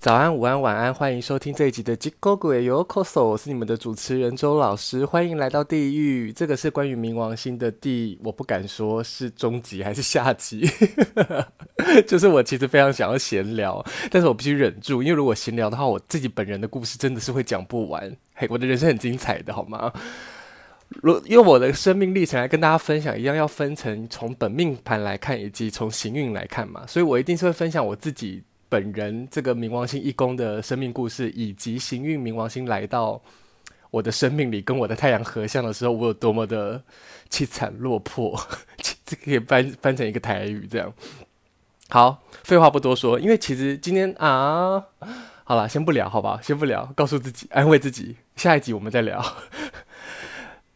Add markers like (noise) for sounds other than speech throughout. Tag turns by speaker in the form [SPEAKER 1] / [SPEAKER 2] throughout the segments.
[SPEAKER 1] 早安，午安，晚安，歡迎收聽這一集的《地獄へようこそ》，我是你們的主持人周老師，歡迎來到地獄。這個是關於冥王星的第，我不敢說是中集還是下集， (laughs) 就是我其實非常想要閒聊，但是我必須忍住，因為如果閒聊的話，我自己本人的故事真的是會講不完。嘿，我的人生很精彩的，好嗎？如用我的生命歷程來跟大家分享，一樣要分成從本命盤來看，以及從行運來看嘛，所以我一定是會分享我自己。本人這個冥王星一宮的生命故事，以及行運冥王星來到我的生命裡，跟我的太陽合相的時候，我有多麼的淒慘落魄， (laughs) 這個可以翻翻成一個台語這樣。好，廢話不多說，因為其實今天啊，好了，先不聊，好吧，先不聊，告訴自己，安慰自己，下一集我們再聊。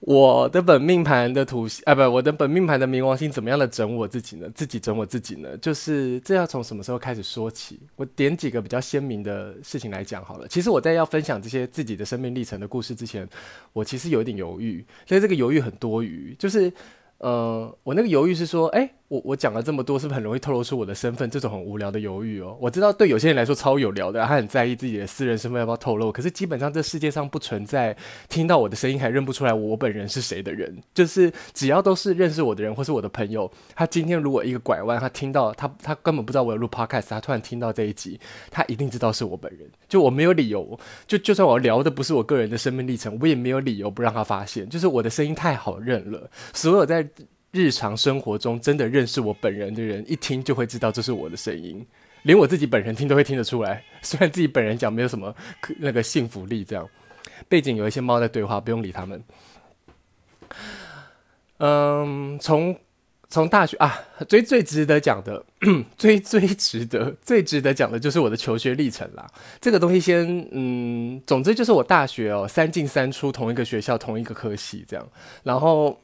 [SPEAKER 1] 我的本命盤的土星啊，不，我的本命盤的冥王星怎麼樣的整我自己呢？自己整我自己呢？就是這要從什麼時候開始說起？我點幾個比較鮮明的事情來講好了。其實我在要分享這些自己的生命歷程的故事之前，我其實有一點猶豫。所以這個猶豫很多餘，就是，呃，我那個猶豫是說，哎。我我講了這麼多，是不是很容易透露出我的身份？這種很無聊的猶豫哦。我知道對有些人來說超有聊的，啊，他很在意自己的私人身份要不要透露。可是基本上這世界上不存在聽到我的聲音還認不出來我本人是誰的人。就是只要都是認識我的人或是我的朋友，他今天如果一個拐彎，他聽到他他根本不知道我有錄 podcast，他突然聽到這一集，他一定知道是我本人。就我沒有理由，就就算我聊的不是我個人的生命歷程，我也沒有理由不讓他發現。就是我的聲音太好認了，所有在。日常生活中真的認識我本人的人一聽就會知道這是我的聲音，連我自己本人聽都會聽得出來。雖然自己本人講沒有什麼那個信服力，這樣。背景有一些貓在對話，不用理他們。嗯，從從大學啊，最最值得講的，最最值得最值得講的就是我的求學歷程啦。這個東西先，嗯，總之就是我大學哦，三進三出同一個學校同一個科系這樣，然後。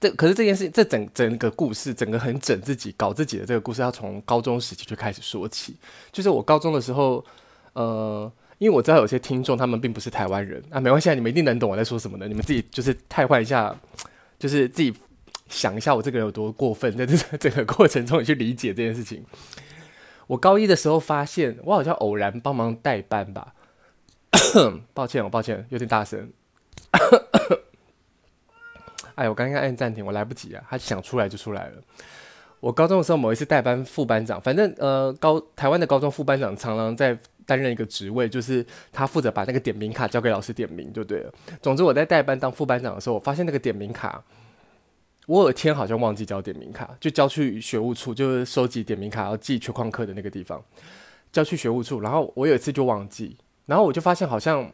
[SPEAKER 1] 這可是這件事，這整整個故事，整個很整自己搞自己的這個故事，要從高中時期就開始說起。就是我高中的時候，呃，因為我知道有些聽眾他們並不是台灣人啊，沒關係，你們一定能懂我在說什麼的。你們自己就是太換一下，就是自己想一下我這個人有多過分，在這整個過程中你去理解這件事情。我高一的時候發現，我好像偶然幫忙代班吧。 (coughs) 抱歉，我抱歉，有點大聲。 (coughs) 哎，我剛剛按暫停，我來不及啊！他想出來就出來了。我高中的時候，某一次代班副班長，反正呃，高台灣的高中副班長常常在擔任一個職位，就是他負責把那個點名卡交給老師點名，就對了。對？總之，我在代班當副班長的時候，我發現那個點名卡，我有一天好像忘記交點名卡，就交去學務處，就是收集點名卡要記缺曠課的那個地方，交去學務處。然後我有一次就忘記，然後我就發現好像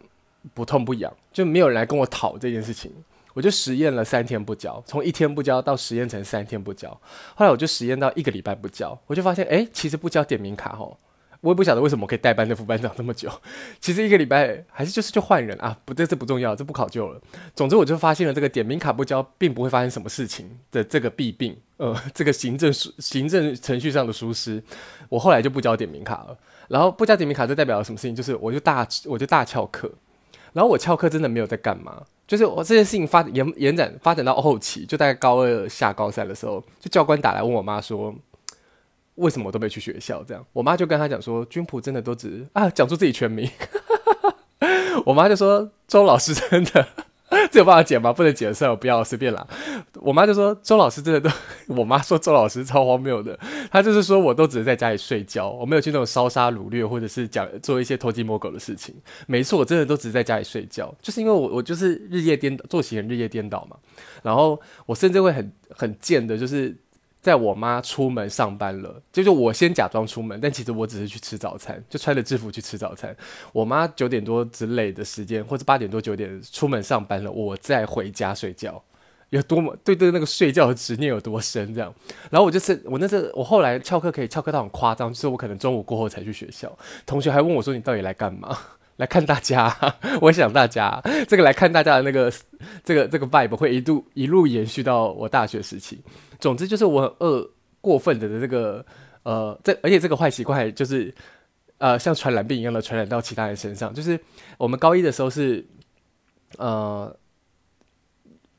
[SPEAKER 1] 不痛不癢，就沒有人來跟我討這件事情。我就實驗了三天不交，從一天不交到實驗成三天不交，後來我就實驗到一個禮拜不交，我就發現，哎，其實不交點名卡吼、哦，我也不曉得為什麼可以代班的副班長那麼久？其實一個禮拜還是就是就換人啊，不對，這不重要，這不考究了。總之我就發現了這個點名卡不交並不會發生什麼事情的這個弊病，呃，這個行政行政程序上的疏失，我後來就不交點名卡了。然後不交點名卡就代表了什麼事情？就是我就大我就大翹課，然後我翹課真的沒有在幹嘛。就是我這件事情發延延展、發展到後期，就大概高二下、高三的時候，就教官打來問我媽說，為什麼我都沒去學校？這樣，我媽就跟他講說，軍普真的都只啊講出自己全名， (laughs) 我媽就說周老師真的。這有辦法解嗎？不能解的事，我不要隨便啦。我媽就說：“周老師真的都……我媽說周老師超荒謬的。她就是說，我都只是在家裡睡覺，我沒有去那種燒殺擄掠，或者是講做一些偷雞摸狗的事情。沒錯，我真的都只在家裡睡覺，就是因為我我就是日夜顛倒，作息日夜顛倒嘛。然後我甚至會很很賤的，就是。”在我媽出門上班了，就就是，我先假裝出門，但其實我只是去吃早餐，就穿着制服去吃早餐。我媽九點多之類的時間，或者八點多九點出門上班了，我再回家睡覺，有多麼對對那個睡覺的執念有多深這樣。然後我就是我那次我後來翹課可以翹課到很誇張，說，就是，我可能中午過後才去學校，同學還問我說，你到底來幹嘛？來看大家，我想大家這個來看大家的那個這個這個 vibe 會一度一路延續到我大學時期。總之就是我很餓過分的這個呃，這而且這個壞習慣就是呃像傳染病一樣的傳染到其他人身上。就是我們高一的時候是呃。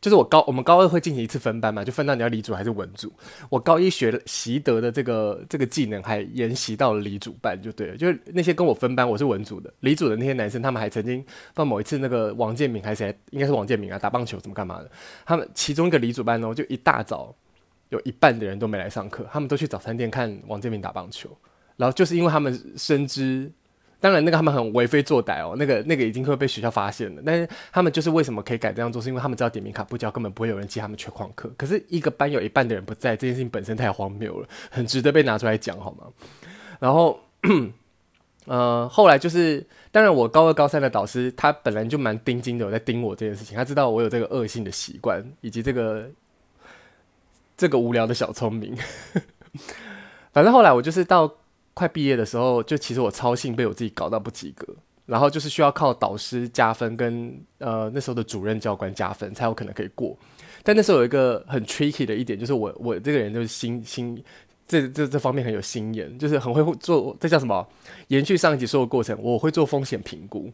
[SPEAKER 1] 就是我高，我們高二會進行一次分班嘛，就分到你要理組還是文組。我高一學習得的這個這個技能還沿襲到了理組班，就對了。就是那些跟我分班，我是文組的，理組的那些男生，他們還曾經到某一次，那個王建民還是誰應該是王建民啊，打棒球怎麼幹嘛的？他們其中一個理組班呢，就一大早有一半的人都沒來上課，他們都去早餐店看王建民打棒球，然後就是因為他們深知。當然，那個他們很為非作歹哦，那個那個已經會被學校發現了。但是他們就是為什麼可以改這樣做，是因為他們知道點名卡不交，根本不會有人記他們缺曠課。可是一個班有一半的人不在，這件事情本身太荒謬了，很值得被拿出來講，好嗎？然後，呃，後來就是，當然我高二、高三的導師，他本來就蠻盯緊的，有在盯我這件事情，他知道我有這個惡性的習慣，以及這個這個無聊的小聰明。反正後來我就是到。快畢業的時候，就其實我操行被我自己搞到不及格，然後就是需要靠導師加分跟呃那時候的主任教官加分才有可能可以過。但那時候有一個很 tricky 的一點，就是我我這個人就是心心這這這，這方面很有心眼，就是很會做。這叫什麼？延續上一集說的過程，我會做風險評估。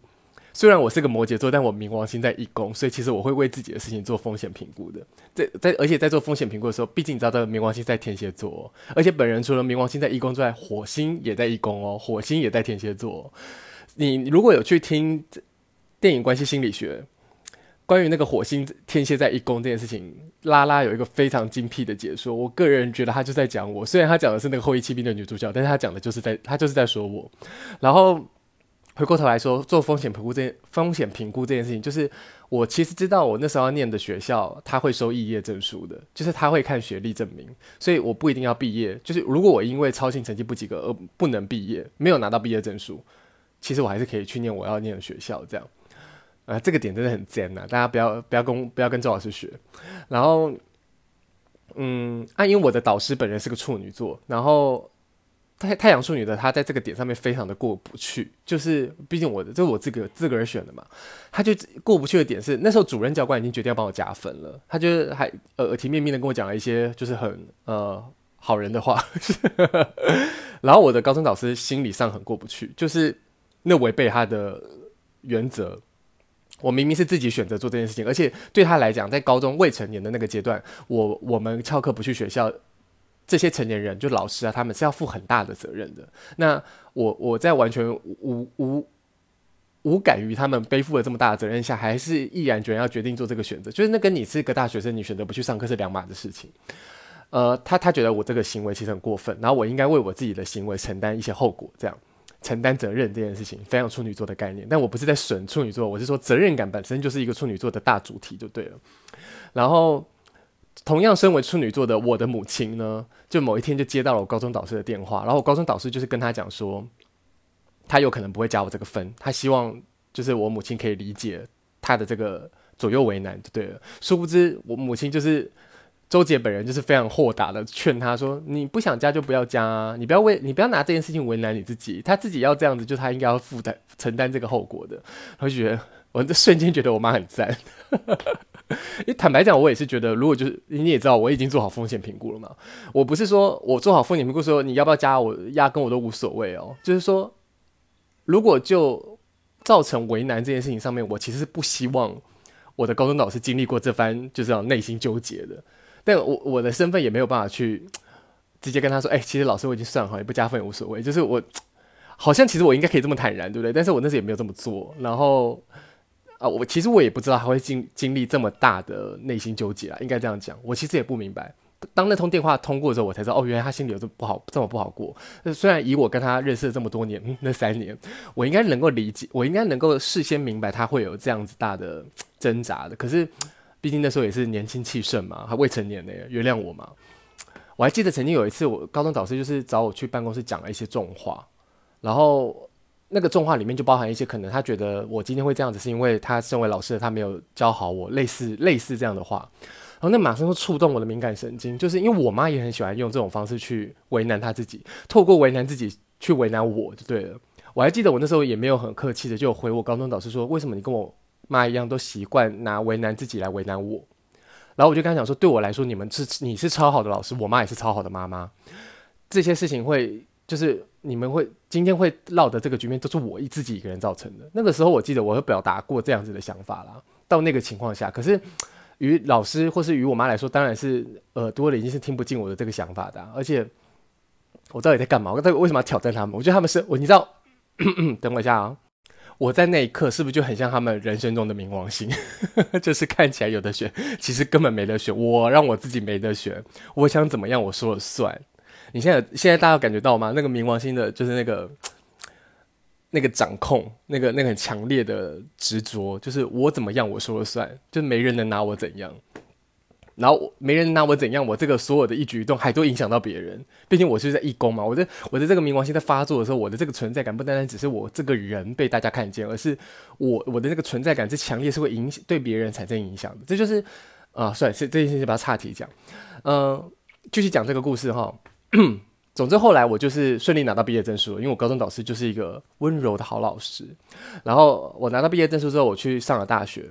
[SPEAKER 1] 雖然我是個摩羯座，但我冥王星在一宮，所以其實我會為自己的事情做風險評估的。在在，而且在做風險評估的時候，畢竟你知道，這個冥王星在天蠍座，而且本人除了冥王星在一宮之外，火星也在一宮哦，火星也在天蠍座。你如果有去聽電影關係心理學，關於那個火星天蠍在一宮這件事情，拉拉有一個非常精闢的解說。我個人覺得他就在講我，雖然他講的是那個後翼棄兵的女主角，但是他講的就是在他就是在說我，然後。回過頭來說，做風險評估這件風險評估這件事情，就是我其實知道，我那時候念的學校他會收畢業證書的，就是他會看學歷證明，所以我不一定要畢業。就是如果我因為操行成績不及格而不能畢業，沒有拿到畢業證書，其實我還是可以去念我要念的學校。這樣啊、呃，這個點真的很尖吶、啊，大家不要不要跟不要跟周老師學。然後，嗯，啊，因為我的導師本人是個處女座，然後。太太陽處女的她，在這個點上面非常的過不去，就是畢竟我的這是我自個自個兒選的嘛，她就過不去的點是那時候主任教官已經決定要幫我加分了，她就是還呃耳提面命的跟我講了一些就是很呃好人的話， (laughs) 然後我的高中導師心理上很過不去，就是那違背他的原則，我明明是自己選擇做這件事情，而且對他來講在高中未成年的那個階段，我我們翹課不去學校。這些成年人，就老師啊，他們是要負很大的責任的。那我我在完全無無無感於他們背負了這麼大的責任下，還是毅然決然要決定做這個選擇，就是那跟你是個大學生，你選擇不去上課是兩碼的事情。呃，他他覺得我這個行為其實很過分，然後我應該為我自己的行為承擔一些後果，這樣承擔責任這件事情，非常處女座的概念。但我不是在損處女座，我是說責任感本身就是一個處女座的大主題就對了。然後。同樣身為處女座的我的母親呢，就某一天就接到了我高中導師的電話，然後我高中導師就是跟他講說，他有可能不會加我這個分，他希望就是我母親可以理解他的這個左右為難就對了。殊不知我母親就是周杰本人，就是非常豁達的勸他說：“你不想加就不要加啊，你不要為你不要拿這件事情為難你自己，他自己要這樣子就她，就他應該要負擔承擔這個後果的。”我就覺得，我這瞬間覺得我媽很贊。 (laughs) 因為坦白講，我也是覺得，如果就是你也知道，我已經做好風險評估了嘛。我不是說我做好風險評估說你要不要加我，壓根我都無所謂哦。就是說，如果就造成為難這件事情上面，我其實是不希望我的高中老師經歷過這番，就是要內心糾結的。但我我的身份也沒有辦法去直接跟他說，哎、欸，其實老師我已經算好，也不加分也無所謂。就是我好像其實我應該可以這麼坦然，對不對？但是我那時也沒有這麼做，然後。啊，我其實我也不知道他會經經歷這麼大的內心糾結啊，應該這樣講，我其實也不明白。當那通電話通過的時候，我才知道，哦，原來他心裡有這麼不好，這麼不好過。那雖然以我跟他認識了這麼多年，嗯、那三年，我應該能夠理解，我應該能夠事先明白他會有這樣子大的掙扎的。可是，畢竟那時候也是年輕氣盛嘛，還未成年呢，原諒我嘛。我還記得曾經有一次我，我高中導師就是找我去辦公室講了一些重話，然後。那個重話裡面就包含一些可能，他覺得我今天會這樣子，是因為他身為老師，他沒有教好我，類似類似這樣的話，然後那馬上就觸動我的敏感神經，就是因為我媽也很喜歡用這種方式去為難他自己，透過為難自己去為難我就對了。我還記得我那時候也沒有很客氣的，就回我高中導師說，為什麼你跟我媽一樣都習慣拿為難自己來為難我？然後我就跟他講說，對我來說，你們是你是超好的老師，我媽也是超好的媽媽，這些事情會就是。你們會今天會落得這個局面，都是我自己一個人造成的。那個時候我記得我有表達過這樣子的想法啦。到那個情況下，可是於老師或是於我媽來說，當然是耳朵、呃、已經是聽不進我的這個想法的、啊。而且我到底在幹嘛？我到底為什麼要挑戰他們？我覺得他們是，我你知道咳咳，等我一下啊！我在那一刻是不是就很像他們人生中的冥王星？ (laughs) 就是看起來有的選，其實根本沒得選。我讓我自己沒得選，我想怎麼樣我說了算。你現在現在大家有感覺到嗎？那個冥王星的就是那個那個掌控，那個那個很強烈的執着，就是我怎麼樣我說了算，就是沒人能拿我怎樣。然後沒人拿我怎樣，我這個所有的一舉一動還都影響到別人。畢竟我是在一宮嘛，我的我的這個冥王星在發作的時候，我的這個存在感不單單只是我這個人被大家看見，而是我我的那個存在感是強烈，是會影響對別人產生影響的。這就是啊，算了，這這件事情把它岔題講，嗯、呃，繼續講這個故事哈。 (coughs) 總之，後來我就是順利拿到畢業證書了，因為我高中導師就是一個溫柔的好老師。然後我拿到畢業證書之後，我去上了大學。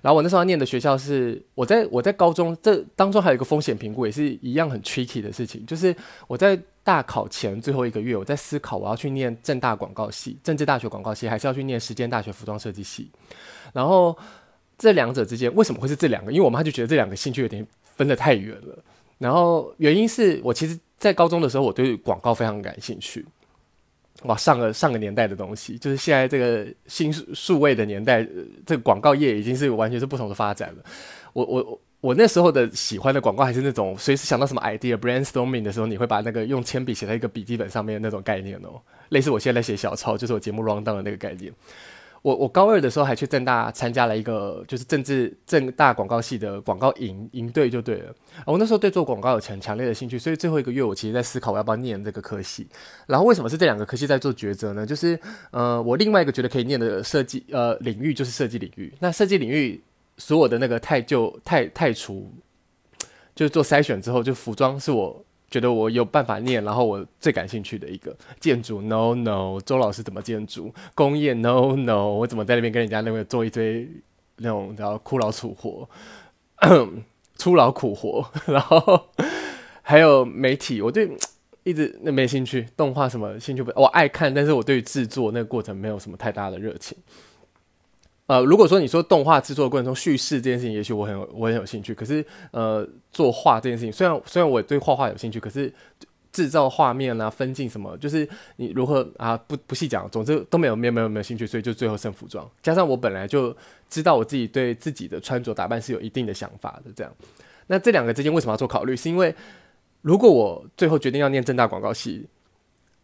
[SPEAKER 1] 然後我那時候念的學校是，我在我在高中這當中還有一個風險評估，也是一樣很 tricky 的事情，就是我在大考前最後一個月，我在思考我要去念政大廣告系，政治大學廣告系，還是要去念實踐大學服裝設計系。然後這兩者之間為什麼會是這兩個？因為我媽就覺得這兩個興趣有點分得太遠了。然後原因是我其實。在高中的時候，我對廣告非常感興趣。哇，上個上個年代的東西，就是現在這個新數數位的年代、呃，這個廣告業已經是完全是不同的發展了。我我我那時候的喜歡的廣告還是那種，隨時想到什麼 idea brainstorming 的時候，你會把那個用鉛筆寫在一個筆記本上面的那種概念哦，類似我現在寫小抄，就是我節目 rundown 的那個概念。我我高二的時候還去政大參加了一個，就是政治政大廣告系的廣告營營隊就對了、啊。我那時候對做廣告有強強烈的興趣，所以最後一個月我其實在思考我要不要念這個科系。然後為什麼是這兩個科系在做抉擇呢？就是呃，我另外一個覺得可以念的設計呃領域，就是設計領域。那設計領域所有的那個太舊太太除，就是做篩選之後，就服裝是我，覺得我有辦法念，然後我最感興趣的一個建築，no no，周老師怎麼建築工業，no no，我怎麼在那邊跟人家那邊做一堆那種叫苦勞粗活，粗勞 (coughs) 苦活， (laughs) 然後還有媒體，我對一直那沒興趣，動畫什麼興趣不，我愛看，但是我對制作那個過程沒有什麼太大的熱情。呃，如果說你說動畫制作的過程中敘事這件事情，也許我很有我很有興趣。可是，呃，作畫這件事情，雖然雖然我對畫畫有興趣，可是制造畫面啊、分鏡什麼，就是你如何啊，不不細講，總之都沒有沒有沒有沒有興趣。所以就最後剩服裝，加上我本來就知道我自己對自己的穿着打扮是有一定的想法的。這樣，那這兩個之間為什麼要做考慮？是因為如果我最後決定要念政大廣告系，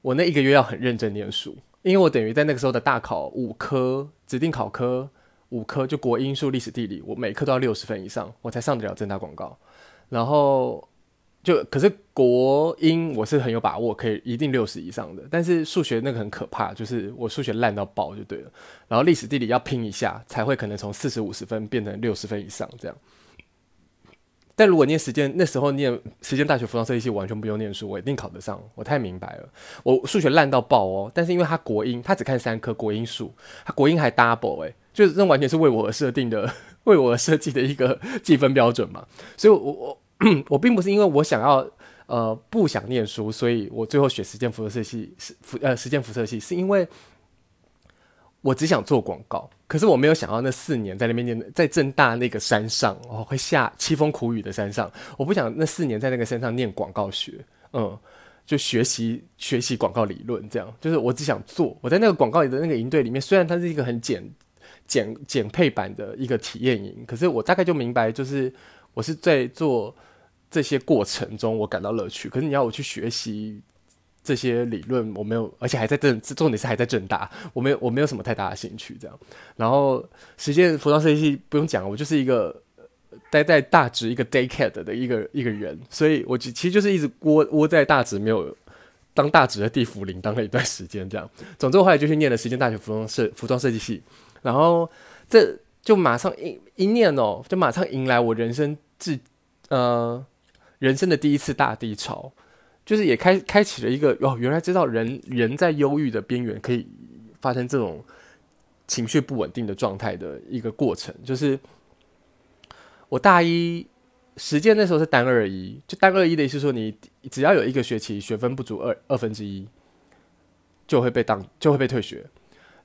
[SPEAKER 1] 我那一個月要很認真念書，因為我等於在那個時候的大考五科指定考科。五科就國英數歷史地理，我每科都要六十分以上，我才上得了政大廣告。然後就可是國英我是很有把握，可以一定六十以上的，但是數學那個很可怕，就是我數學爛到爆就對了。然後歷史地理要拼一下，才會可能從四十五十分變成六十分以上這樣。但如果念實踐，那時候念實踐大學服裝設計系，完全不用念書，我一定考得上。我太明白了，我數學爛到爆哦、喔。但是因為他國英，他只看三科國英數，他國英還 double 哎、欸，就是那完全是為我而設定的，為我而設計的一個計分標準嘛。所以我，我我我並不是因為我想要呃不想念書，所以我最後選實踐服裝設計是服呃實踐服射器，是因為。我只想做廣告，可是我沒有想到那四年在那邊念，在政大那個山上哦，會下淒風苦雨的山上，我不想那四年在那個山上念廣告學，嗯，就學習學習廣告理論，這樣就是我只想做。我在那個廣告裡的那個營隊裡面，雖然它是一個很簡簡簡配版的一個體驗營，可是我大概就明白，就是我是在做這些過程中我感到樂趣，可是你要我去學習。這些理論我沒有，而且還在正，重點是還在政大，我沒有我沒有什麼太大的興趣這樣。然後，實踐服裝設計系不用講，我就是一個待在大直一個 daycare 的一個一個人，所以我其實就是一直窩窩在大直，沒有當大直的地縛靈，當了一段時間這樣。總之後來就去念了實踐大學服裝設服裝設計系，然後這就馬上一一念哦，就馬上迎來我人生自嗯、呃、人生的第一次大低潮。就是也開開啟了一個哦，原來知道人人在憂鬱的邊緣可以發生這種情緒不穩定的狀態的一個過程。就是我大一實踐那時候是單二一，就單二一的意思說，你只要有一個學期學分不足二二分之一，就會被當就會被退學。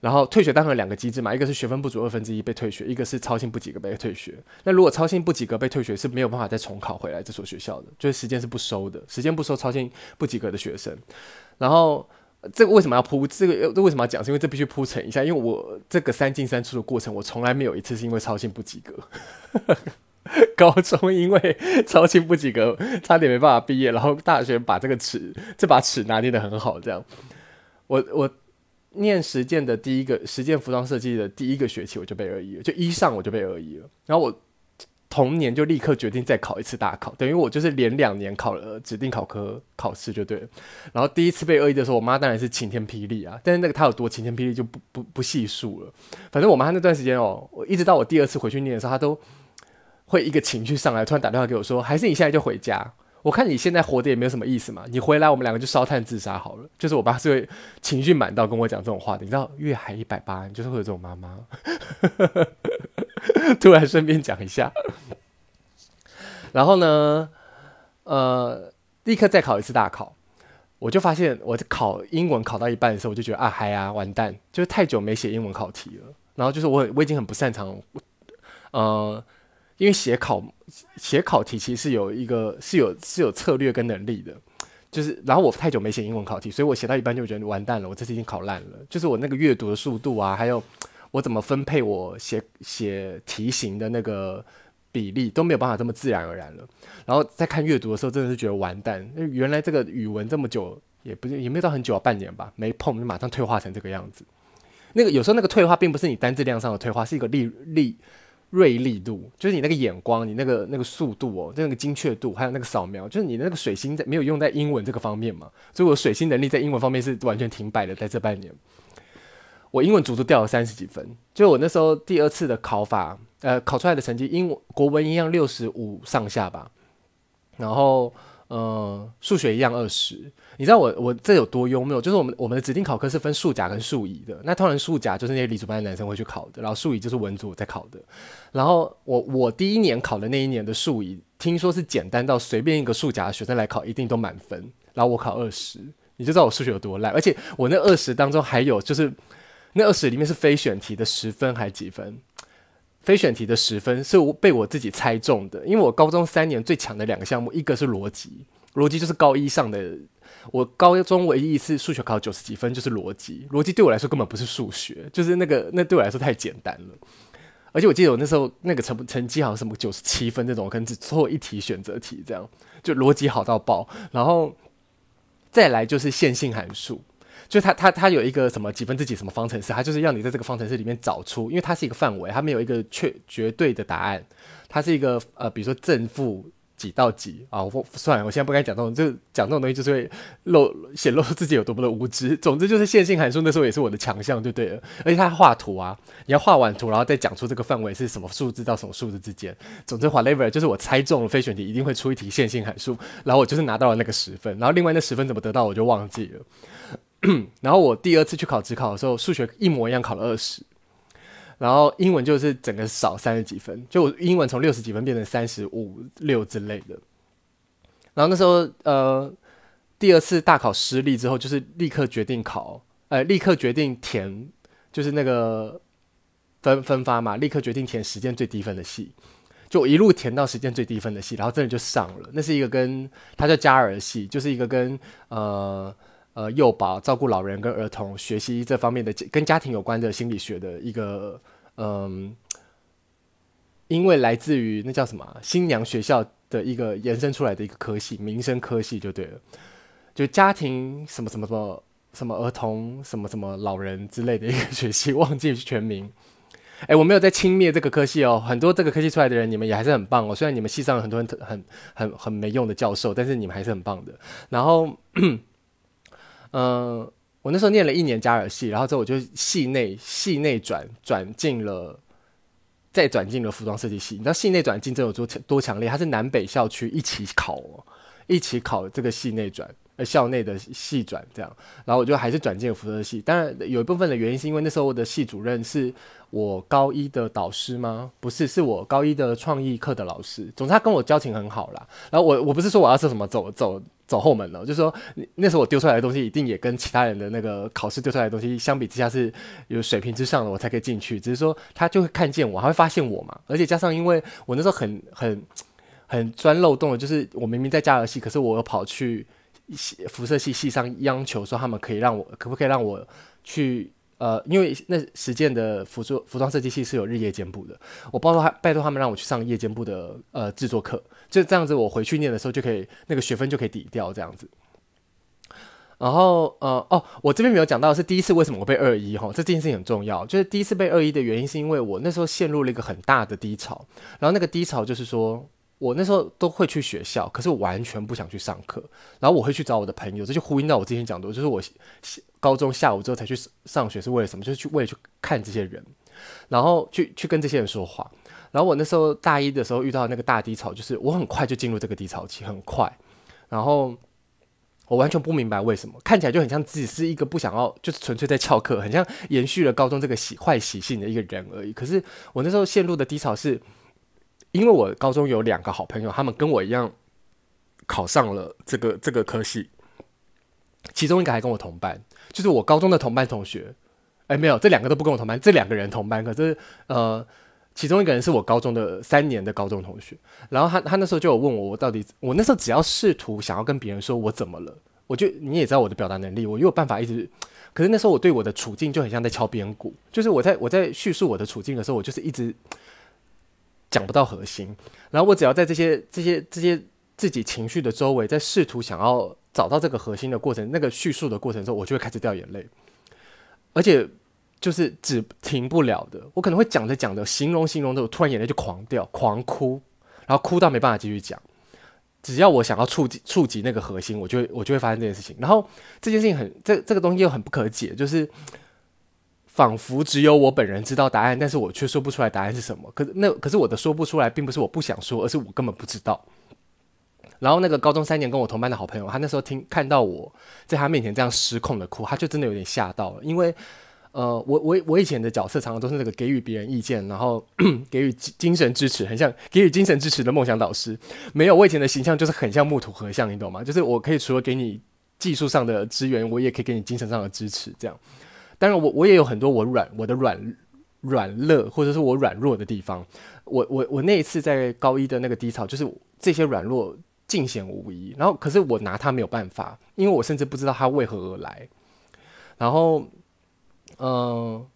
[SPEAKER 1] 然後退學當時有兩個機製嘛，一個是學分不足二分之一被退學，一個是操行不及格被退學。那如果操行不及格被退學是沒有辦法再重考回來這所學校的，就是實踐是不收的，實踐不收操行不及格的學生。然後這個、為什麼要鋪這個？這為什麼要講？是因為這必須鋪陳一下，因為我這個三進三出的過程，我從來沒有一次是因為操行不及格。 (laughs) 高中因為操行不及格差點沒辦法畢業，然後大學把這個尺這把尺拿捏得很好，這樣我我。我念實踐的第一個實踐服裝設計的第一個學期，我就被二一了，就一上我就被二一了。然後我同年就立刻決定再考一次大考，等於我就是連兩年考了指定考科考試就對了。然後第一次被二一的時候，我媽當然是晴天霹靂啊！但是那個她有多晴天霹靂就不不不細數了。反正我媽她那段時間哦，我一直到我第二次回去念的時候，她都會一個情緒上來，突然打電話給我說：“還是你現在就回家。”我看你現在活得也沒有什麼意思嘛，你回來我們兩個就燒炭自殺好了。就是我爸是會情緒滿到跟我講這種話的，你知道？月海一百八，你就是會有這種媽媽。 (laughs) 突然順便講一下，然後呢，呃，立刻再考一次大考，我就發現我考英文考到一半的時候，我就覺得啊嗨呀、啊，完蛋，就是太久沒寫英文考題了，然後就是我我已經很不擅長，呃。因為寫考寫考題其實是有一個是有是有策略跟能力的，就是然後我太久沒寫英文考題，所以我寫到一半就覺得完蛋了，我這次已經考爛了。就是我那個閱讀的速度啊，還有我怎麼分配我寫寫題型的那個比例都沒有辦法這麼自然而然了。然後再看閱讀的時候，真的是覺得完蛋。原來這個語文這麼久也不是也沒到很久啊，半年吧，沒碰就馬上退化成這個樣子。那個有時候那個退化並不是你單字量上的退化，是一個力力。利銳利度，就是你那個眼光，你那個那個速度哦，那個精確度，還有那個掃描，就是你那個水星在沒有用在英文這個方面嘛，所以我水星能力在英文方面是完全停擺的。在這半年，我英文足足掉了三十幾分。就我那時候第二次的考法，呃，考出來的成績英，英國文一樣六十五上下吧，然後呃，數學一樣二十。你知道我我這有多幽默？就是我們我們的指定考科是分數甲跟數乙的，那通常數甲就是那些理組班的男生會去考的，然後數乙就是文組在考的。然後我我第一年考的那一年的數乙，聽說是簡單到隨便一個數甲的學生來考一定都滿分。然後我考二十，你就知道我數學有多爛。而且我那二十當中還有就是，那二十裡面是非選題的十分還幾分？非選題的十分是我被我自己猜中的，因為我高中三年最強的兩個項目，一個是邏輯，邏輯就是高一上的。我高中唯一一次數學考九十幾分，就是邏輯。邏輯對我來說根本不是數學，就是那個那對我來說太簡單了。而且我記得我那時候那個成成績好像什麼九十七分這種，我可能只錯一題選擇題這樣，就邏輯好到爆。然後再來就是線性函數，就它它它有一個什麼幾分之幾什麼方程式，它就是要你在這個方程式裡面找出，因為它是一個範圍，它沒有一個確絕對的答案，它是一個呃，比如說正負。幾到幾啊？我算了，我現在不該講這種，就講這種東西就是會露顯露自己有多麼的無知。總之就是線性函數那時候也是我的強項，對不對？而且他畫圖啊，你要畫完圖，然後再講出這個範圍是什麼數字到什麼數字之間。總之 whatever，就是我猜中了非選題一定會出一題線性函數，然後我就是拿到了那個十分。然後另外那十分怎麼得到我就忘記了。 (coughs) 然後我第二次去考指考的時候，數學一模一樣考了二十。然後英文就是整個少三十幾分，就英文從六十幾分變成三十五六之類的。然後那時候呃，第二次大考失利之後，就是立刻決定考，呃立刻決定填，就是那個分分發嘛，立刻決定填實踐最低分的系，就一路填到實踐最低分的系，然後真的就上了。那是一個跟他叫家兒系，就是一個跟呃呃幼保照顧老人跟兒童學習這方面的跟家庭有關的心理學的一個。嗯，因為來自於那叫什麼、啊、新娘學校的一個延伸出來的一個科系，民生科系就對了，就家庭什麼什麼什麼什麼兒童什麼什麼老人之類的一個學習，忘記全名。哎，我沒有在輕蔑這個科系哦，很多這個科系出來的人，你們也還是很棒哦。雖然你們系上有很多人很很很，很沒用的教授，但是你們還是很棒的。然後，嗯。我那時候念了一年加爾系，然後之後我就系內系內轉，轉進了，再轉進了服裝設計系。你知道系內轉競爭有多多強烈？它是南北校區一起考，一起考這個系內轉。呃，校內的系轉這樣，然後我就還是轉進了服設系。當然，有一部分的原因是因為那時候我的系主任是我高一的導師嗎？不是，是我高一的創意課的老師。總之，他跟我交情很好啦。然後我我不是說我要說什麼走走走後門了，就是說那時候我丟出來的東西一定也跟其他人的那個考試丟出來的東西相比之下是有水平之上的，我才可以進去。只是說他就會看見我，還會發現我嘛。而且加上因為我那時候很很很鑽漏洞的，就是我明明在加了系，可是我又跑去。些服設系系上央求說，他們可以讓我，可不可以讓我去？呃，因為那實踐的服裝服裝設計系是有日夜間部的，我拜託他，拜託他們讓我去上夜間部的呃製作課，就這樣子，我回去念的時候就可以那個學分就可以抵掉這樣子。然後呃哦，我這邊沒有講到是第一次為什麼我被二一哈，這這件事情很重要，就是第一次被二一的原因是因為我那時候陷入了一個很大的低潮，然後那個低潮就是說。我那時候都會去學校，可是我完全不想去上課。然後我會去找我的朋友，這就呼應到我之前講的，就是我高中下午之後才去上學是為了什麼？就是去為了去看這些人，然後去去跟這些人說話。然後我那時候大一的時候遇到那個大低潮，就是我很快就進入這個低潮期，很快。然後我完全不明白為什麼，看起來就很像只是一個不想要，就是純粹在翹課，很像延續了高中這個習壞習性的一個人而已。可是我那時候陷入的低潮是，因為我高中有兩個好朋友，他們跟我一樣考上了這個這個科系，其中一個還跟我同班，就是我高中的同班同學。誒，沒有，這兩個都不跟我同班，這兩個人同班，可是呃，其中一個人是我高中的三年的高中同學。然後他他那時候就有問我，我到底我那時候只要試圖想要跟別人說我怎麼了，我就你也知道我的表達能力，我又有辦法一直，可是那時候我對我的處境就很像在敲邊鼓，就是我在我在敘述我的處境的時候，我就是一直。講不到核心，然後我只要在這些這些這些自己情緒的周圍，在試圖想要找到這個核心的過程，那個敘述的過程之後，我就會開始掉眼淚，而且就是只停不了的。我可能會講着講着，形容形容著，我突然眼淚就狂掉，狂哭，然後哭到沒辦法繼續講。只要我想要觸及觸及那個核心，我就會我就會發生這件事情。然後這件事情很，這這個東西又很不可解，就是。仿佛只有我本人知道答案，但是我卻說不出來答案是什麼。可是那可是我的說不出來，並不是我不想說，而是我根本不知道。然後那個高中三年跟我同班的好朋友，他那時候聽看到我在他面前這樣失控的哭，他就真的有點嚇到了。因為呃，我我我以前的角色常常都是那個給予別人意見，然後 (coughs) 給予精神支持，很像給予精神支持的夢想導師。沒有我以前的形象就是很像木土合相，你懂嗎？就是我可以除了給你技術上的支援，我也可以給你精神上的支持，這樣。當然我，我我也有很多我軟我的軟軟弱，或者是我軟弱的地方。我我我那一次在高一的那個低潮，就是這些軟弱盡顯無疑。然後，可是我拿他沒有辦法，因為我甚至不知道他為何而來。然後，嗯、呃。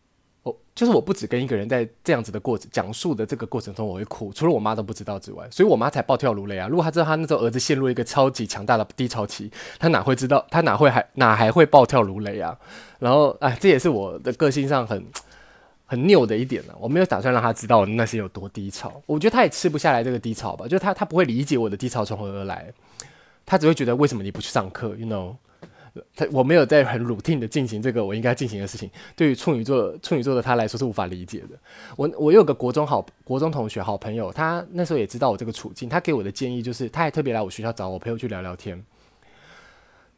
[SPEAKER 1] 就是我不止跟一個人在這樣子的過程講述的這個過程中，我會哭，除了我媽都不知道之外，所以我媽才暴跳如雷啊！如果她知道她那時候兒子陷入一個超級強大的低潮期，她哪會知道？她哪會還哪還會暴跳如雷啊？然後，哎，這也是我的個性上很很拗的一點呢、啊。我沒有打算讓她知道我那時有多低潮，我覺得她也吃不下來這個低潮吧，就是她她不會理解我的低潮從何而來，她只會覺得為什麼你不去上課？You know。他我沒有在很 routine 的進行這個我應該進行的事情，對於處女座處女座的他來說是無法理解的。我我有個國中好國中同學好朋友，他那時候也知道我這個處境，他給我的建議就是，他還特別來我學校找我朋友去聊聊天。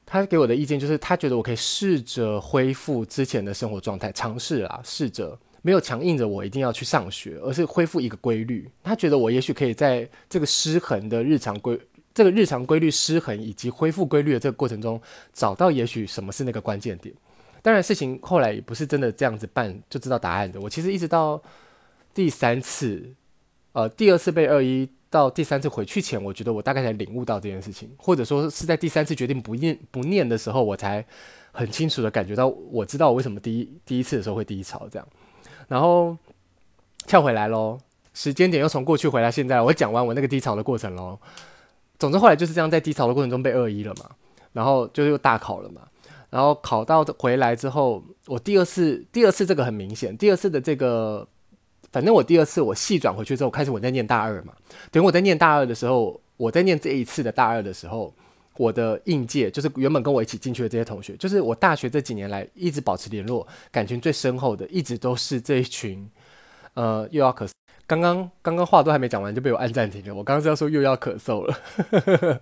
[SPEAKER 1] 他給我的意見就是，他覺得我可以試着恢復之前的生活狀態，嘗試啊，試着沒有強硬着我一定要去上學，而是恢復一個規律。他覺得我也許可以在這個失衡的日常規。這個日常規律失衡以及恢復規律的這個過程中，找到也許什麼是那個關鍵點。當然，事情後來也不是真的這樣子辦就知道答案的。我其實一直到第三次，呃，第二次被二一到第三次回去前，我覺得我大概才領悟到這件事情，或者說是在第三次決定不念不念的時候，我才很清楚地感覺到，我知道我為什麼第一第一次的時候會低潮這樣。然後跳回來嘍，時間點又從過去回到現在，我講完我那個低潮的過程嘍。總之後來就是這樣，在低潮的過程中被二一了嘛，然後就又大考了嘛，然後考到回來之後，我第二次，第二次這個很明顯，第二次的這個，反正我第二次我細轉回去之後，開始我在念大二嘛，等我在念大二的時候，我在念這一次的大二的時候，我的應屆就是原本跟我一起進去的這些同學，就是我大學這幾年來一直保持聯絡感情最深厚的，一直都是這一群，呃，又要可。剛剛剛剛話都還沒講完就被我按暫停了。我剛剛是要說又要咳嗽了。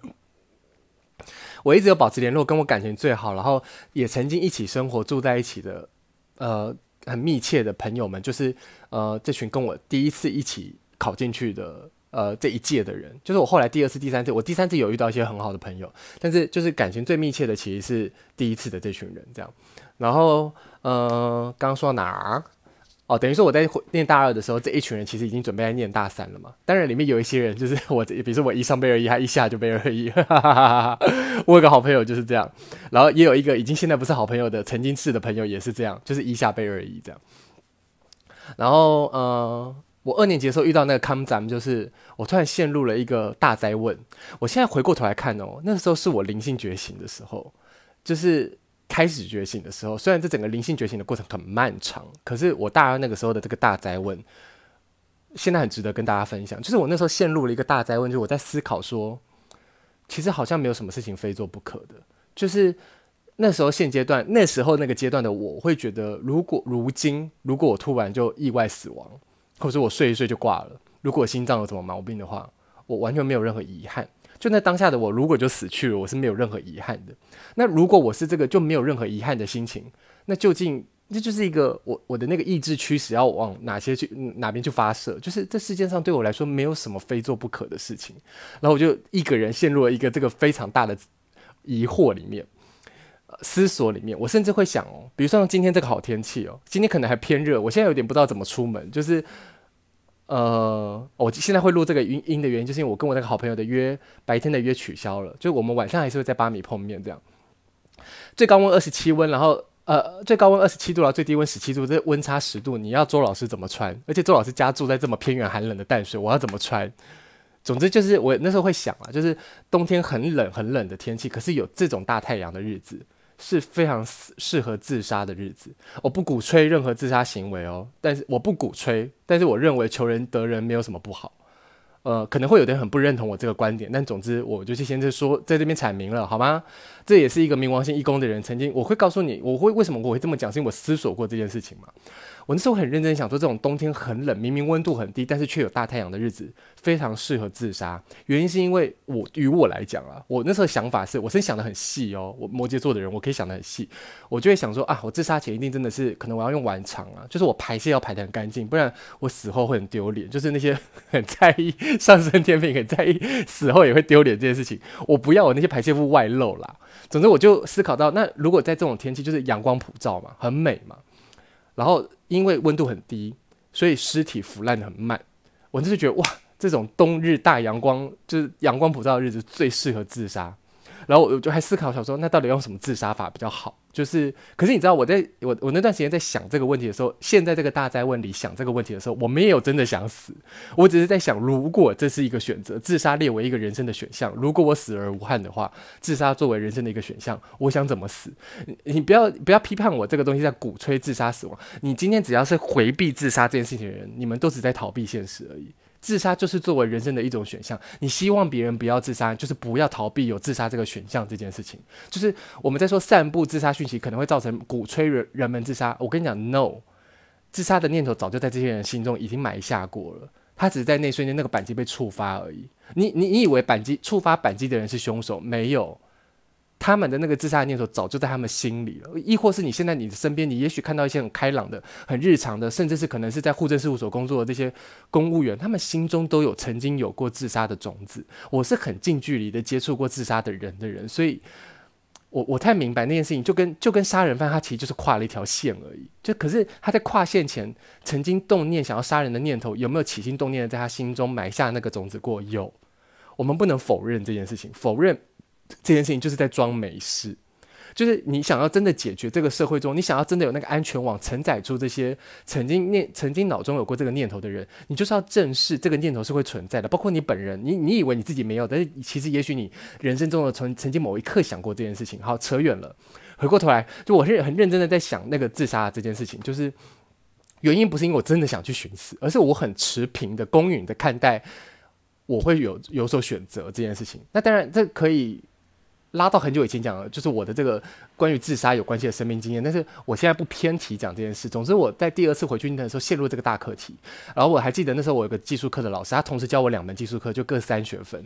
[SPEAKER 1] (laughs) 我一直有保持聯絡，跟我感情最好，然後也曾經一起生活住在一起的，呃，很密切的朋友們，就是呃，這群跟我第一次一起考進去的，呃，這一屆的人，就是我後來第二次、第三次，我第三次有遇到一些很好的朋友，但是就是感情最密切的其實是第一次的這群人，這樣。然後，嗯、呃，剛剛說到哪兒？哦，等於說我在念大二的時候，這一群人其實已經準備在念大三了嘛。當然，裡面有一些人就是我，比如說我一上被二一，他一下就被二一。哈哈哈哈哈，我有個好朋友就是這樣，然後也有一個已經現在不是好朋友的曾經是的朋友也是這樣，就是一下被二一這樣。然後呃，我二年級的時候遇到那個康咱們，就是我突然陷入了一個大哉問。我現在回過頭來看哦，那個時候是我靈性覺醒的時候，就是。開始覺醒的時候，雖然這整個靈性覺醒的過程很漫長，可是我大二那個時候的這個大哉問，現在很值得跟大家分享。就是我那時候陷入了一個大哉問，就是我在思考說，其實好像沒有什麼事情非做不可的。就是那時候現階段，那時候那個階段的我，會覺得如果如今，如果我突然就意外死亡，或者是我睡一睡就掛了，如果心臟有什麼毛病的話，我完全沒有任何遺憾。就在當下的我，如果就死去了，我是沒有任何遺憾的。那如果我是這個，就沒有任何遺憾的心情。那究竟，這就是一個我我的那個意志驅使要往哪些去哪邊去發射？就是這世界上對我來說，沒有什麼非做不可的事情。然後我就一個人陷入了一個這個非常大的疑惑裡面，呃、思索裡面，我甚至會想哦，比如說今天這個好天氣哦，今天可能還偏熱，我現在有點不知道怎麼出門，就是。呃，我現在會錄這個音音的原因，就是因為我跟我那個好朋友的約，白天的約取消了，就是我們晚上還是會，在八米碰面這樣。最高溫二十七溫，然後呃，最高溫二十七度，然後最低溫十七度，這溫差十度，你要周老師怎麼穿？而且周老師家住在這麼偏遠寒冷的淡水，我要怎麼穿？總之就是我那時候會想啊，就是冬天很冷很冷的天氣，可是有這種大太陽的日子。是非常適合自殺的日子。我不鼓吹任何自殺行為哦，但是我不鼓吹，但是我認為求仁得仁沒有什麼不好。呃，可能會有點很不認同我這個觀點，但總之我就是現在說在這邊闡明了，好嗎？這也是一個冥王星一宮的人曾經，我會告訴你，我會為什麼我會這麼講，是因為我思索過這件事情嘛。我那時候很認真想說，這種冬天很冷，明明溫度很低，但是卻有大太陽的日子，非常適合自殺。原因是因為我，於我來講啊，我那時候想法是，我是想得很細哦。我摩羯座的人，我可以想得很細，我就會想說啊，我自殺前一定真的是，可能我要用完腸啊，就是我排泄要排得很乾淨，不然我死後會很丟臉。就是那些很在意上升天秤，很在意死後也會丟臉這件事情，我不要我那些排泄物外露啦。總之，我就思考到，那如果在這種天氣，就是陽光普照嘛，很美嘛，然後。因為溫度很低，所以屍體腐爛的很慢。我就是覺得哇，這種冬日大陽光，就是陽光普照的日子，最適合自殺。然後我就還思考，想說那到底用什麼自殺法比較好？就是，可是你知道我，我在我我那段時間在想這個問題的時候，現在這個大災問裡想這個問題的時候，我沒有真的想死。我只是在想，如果這是一個選擇，自殺列為一個人生的選項，如果我死而無憾的話，自殺作為人生的一個選項，我想怎麼死？你，你不要不要批判我這個東西在鼓吹自殺死亡。你今天只要是回避自殺這件事情的人，你們都只在逃避現實而已。自殺就是作為人生的一種選項，你希望別人不要自殺，就是不要逃避有自殺這個選項這件事情。就是我們在說散布自殺訊息可能會造成鼓吹人人們自殺，我跟你講，No，自殺的念頭早就在這些人心中已經埋下過了，他只是在那瞬間那個扳機被觸發而已。你你你以為扳機觸發扳機的人是凶手？沒有。他們的那個自殺的念頭早就在他們心裡了，亦或是你現在你的身邊，你也許看到一些很開朗的、很日常的，甚至是可能是在戶政事務所工作的這些公務員，他們心中都有曾經有過自殺的種子。我是很近距離的接觸過自殺的人的人，所以我，我我太明白那件事情，就跟就跟殺人犯他其實就是跨了一條線而已，就可是他在跨線前曾經動念想要殺人的念頭，有沒有起心動念的在他心中埋下那個種子過？有，我們不能否認這件事情，否認這件事情就是在裝沒事，就是你想要真的解決這個社會中，你想要真的有那個安全網承載住這些曾經念、曾經腦中有過這個念頭的人，你就是要正視這個念頭是會存在的。包括你本人，你你以為你自己沒有，但是其實也許你人生中的曾曾經某一刻想過這件事情。好，扯遠了，回過頭來，就我是很認真的在想那個自殺這件事情，就是原因不是因為我真的想去尋死，而是我很持平的、公允的看待我會有有所選擇這件事情。那當然，這可以。拉到很久以前講，就是我的這個關於自殺有關係的生命經驗，但是我現在不偏題講這件事。總之，我在第二次回去的時候陷入這個大課題，然後我還記得那時候我有個技術課的老師，他同時教我兩門技術課，就各三學分，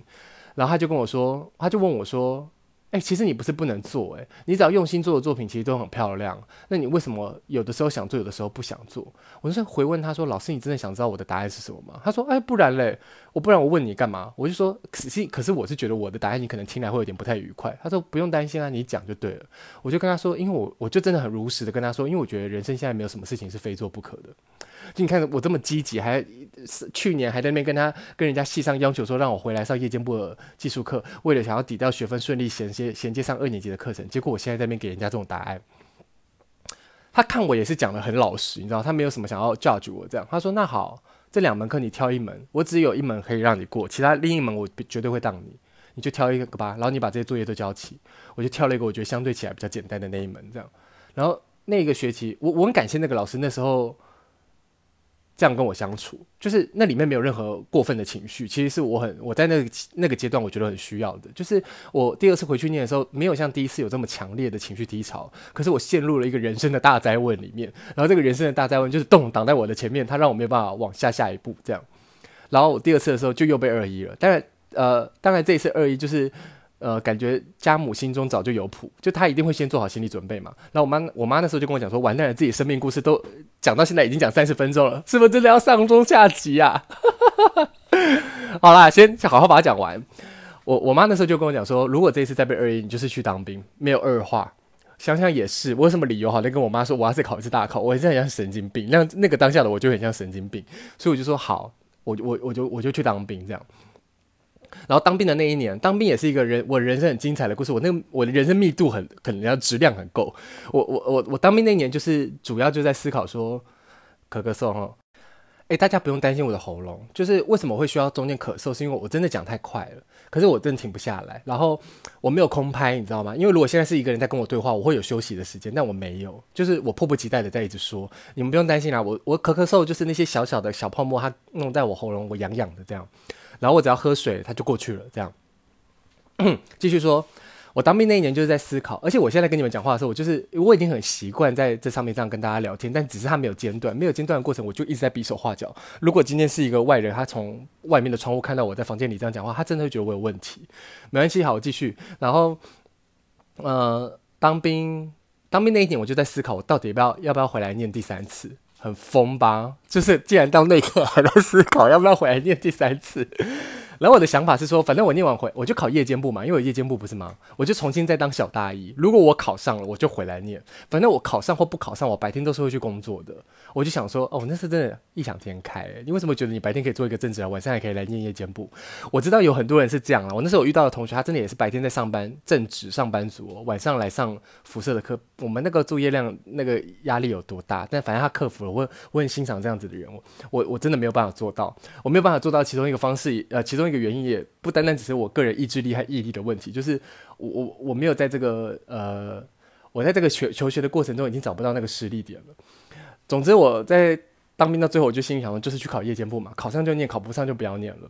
[SPEAKER 1] 然後他就跟我說，他就問我說。哎、欸，其實你不是不能做、欸，哎，你只要用心做的作品，其實都很漂亮。那你為什麼有的時候想做，有的時候不想做？我就是回問他說：“老師，你真的想知道我的答案是什麼嗎？”他說：“哎、欸，不然嘞，我不然我問你幹嘛？”我就說：“可是，可是我是覺得我的答案你可能聽來會有點不太愉快。”他說：“不用擔心啊，你講就對了。”我就跟他說：“因為我，我就真的很如實的跟他說，因為我覺得人生現在沒有什麼事情是非做不可的。”就你看我這麼積極，還去年還在那邊跟他跟人家系上要求說，讓我回來上夜間部的技術課，為了想要抵掉學分，順利銜接銜接上二年級的課程。結果我現在在那邊給人家這種答案，他看我也是講的很老實，你知道他沒有什麼想要教 u 我這樣。他說：“那好，這兩門課你挑一門，我只有一門可以讓你過，其他另一門我絕對會當你，你就挑一個吧。然後你把這些作業都交齊。”我就挑了一個我覺得相對起來比較簡單的那一門這樣。然後那個學期，我我很感謝那個老師那時候，這樣跟我相處，就是那裡面沒有任何過分的情緒。其實是我很，我在那個、那個階段，我覺得很需要的。就是我第二次回去念的時候，沒有像第一次有這麼強烈的情緒低潮。可是我陷入了一個人生的大哉問裡面，然後這個人生的大哉問就是咚，擋在我的前面，它讓我沒有辦法往下下一步。這樣，然後我第二次的時候就又被二一了。當然，呃，當然這一次二一就是。呃，感覺家母心中早就有譜，就她一定會先做好心理準備嘛。然後我媽，我媽那時候就跟我講說，完蛋了，自己生命故事都講到現在已經講三十分鐘了，是不是真的要上中下集啊？ (laughs) 好啦，先好好把它講完。我我媽那時候就跟我講說，如果這一次再被二一，你就是去當兵，沒有二話。想想也是，我有什麼理由好？那跟我媽說，我要再考一次大考，我這樣像，像神經病。那那個當下的我就很像神經病，所以我就說好，我我我就我就去當兵這樣。然後當兵的那一年，當兵也是一個人我人生很精彩的故事。我那個、我的人生密度很很要質量很夠。我我我我當兵那一年就是主要就在思考說咳咳嗽哈，誒，大家不用擔心我的喉嚨，就是為什麼我會需要中間咳嗽，是因為我真的講太快了，可是我真的停不下來。然後我沒有空拍，你知道嗎？因為如果現在是一個人在跟我對話，我會有休息的時間，但我沒有，就是我迫不及待的在一直說。你們不用擔心啦、啊，我我咳咳嗽就是那些小小的小泡沫，它弄在我喉嚨，我癢癢的這樣。然後我只要喝水，他就過去了。這樣， (coughs) 繼續說，我當兵那一年就是在思考，而且我現在跟你們講話的時候，我就是我已經很習慣在這上面這樣跟大家聊天，但只是他沒有間斷，沒有間斷的過程，我就一直在比手畫腳。如果今天是一個外人，他從外面的窗戶看到我在房間裡這樣講話，他真的會覺得我有問題。沒關係，好，我繼續。然後，呃，當兵當兵那一年，我就在思考，我到底要不要要不要回來念第三次。很瘋吧？就是，竟然到那一刻還在思考，要不要回來念第三次？ (laughs) 然後我的想法是說，反正我念完回我就考夜間部嘛，因為我夜間部不是忙，我就重新再當小大一。如果我考上了，我就回來念。反正我考上或不考上，我白天都是會去工作的。我就想說，哦，那是真的異想天開，欸。你為什麼覺得你白天可以做一個正職，啊，晚上還可以來念夜間部？我知道有很多人是這樣了。我那時候我遇到的同學，他真的也是白天在上班正職，上班族，哦，晚上來上服設的課。我們那個作業量那個壓力有多大？但反正他克服了，我我很欣賞這樣子的人。我我我真的沒有辦法做到，我沒有辦法做到其中一個方式，呃，其中。這個原因也不單單只是我個人意志力和毅力的問題，就是我我我沒有在這個呃，我在這個學求學的過程中已經找不到那個實力點了。總之我在當兵到最後，我就心裡想說就是去考夜間部嘛，考上就念，考不上就不要念了。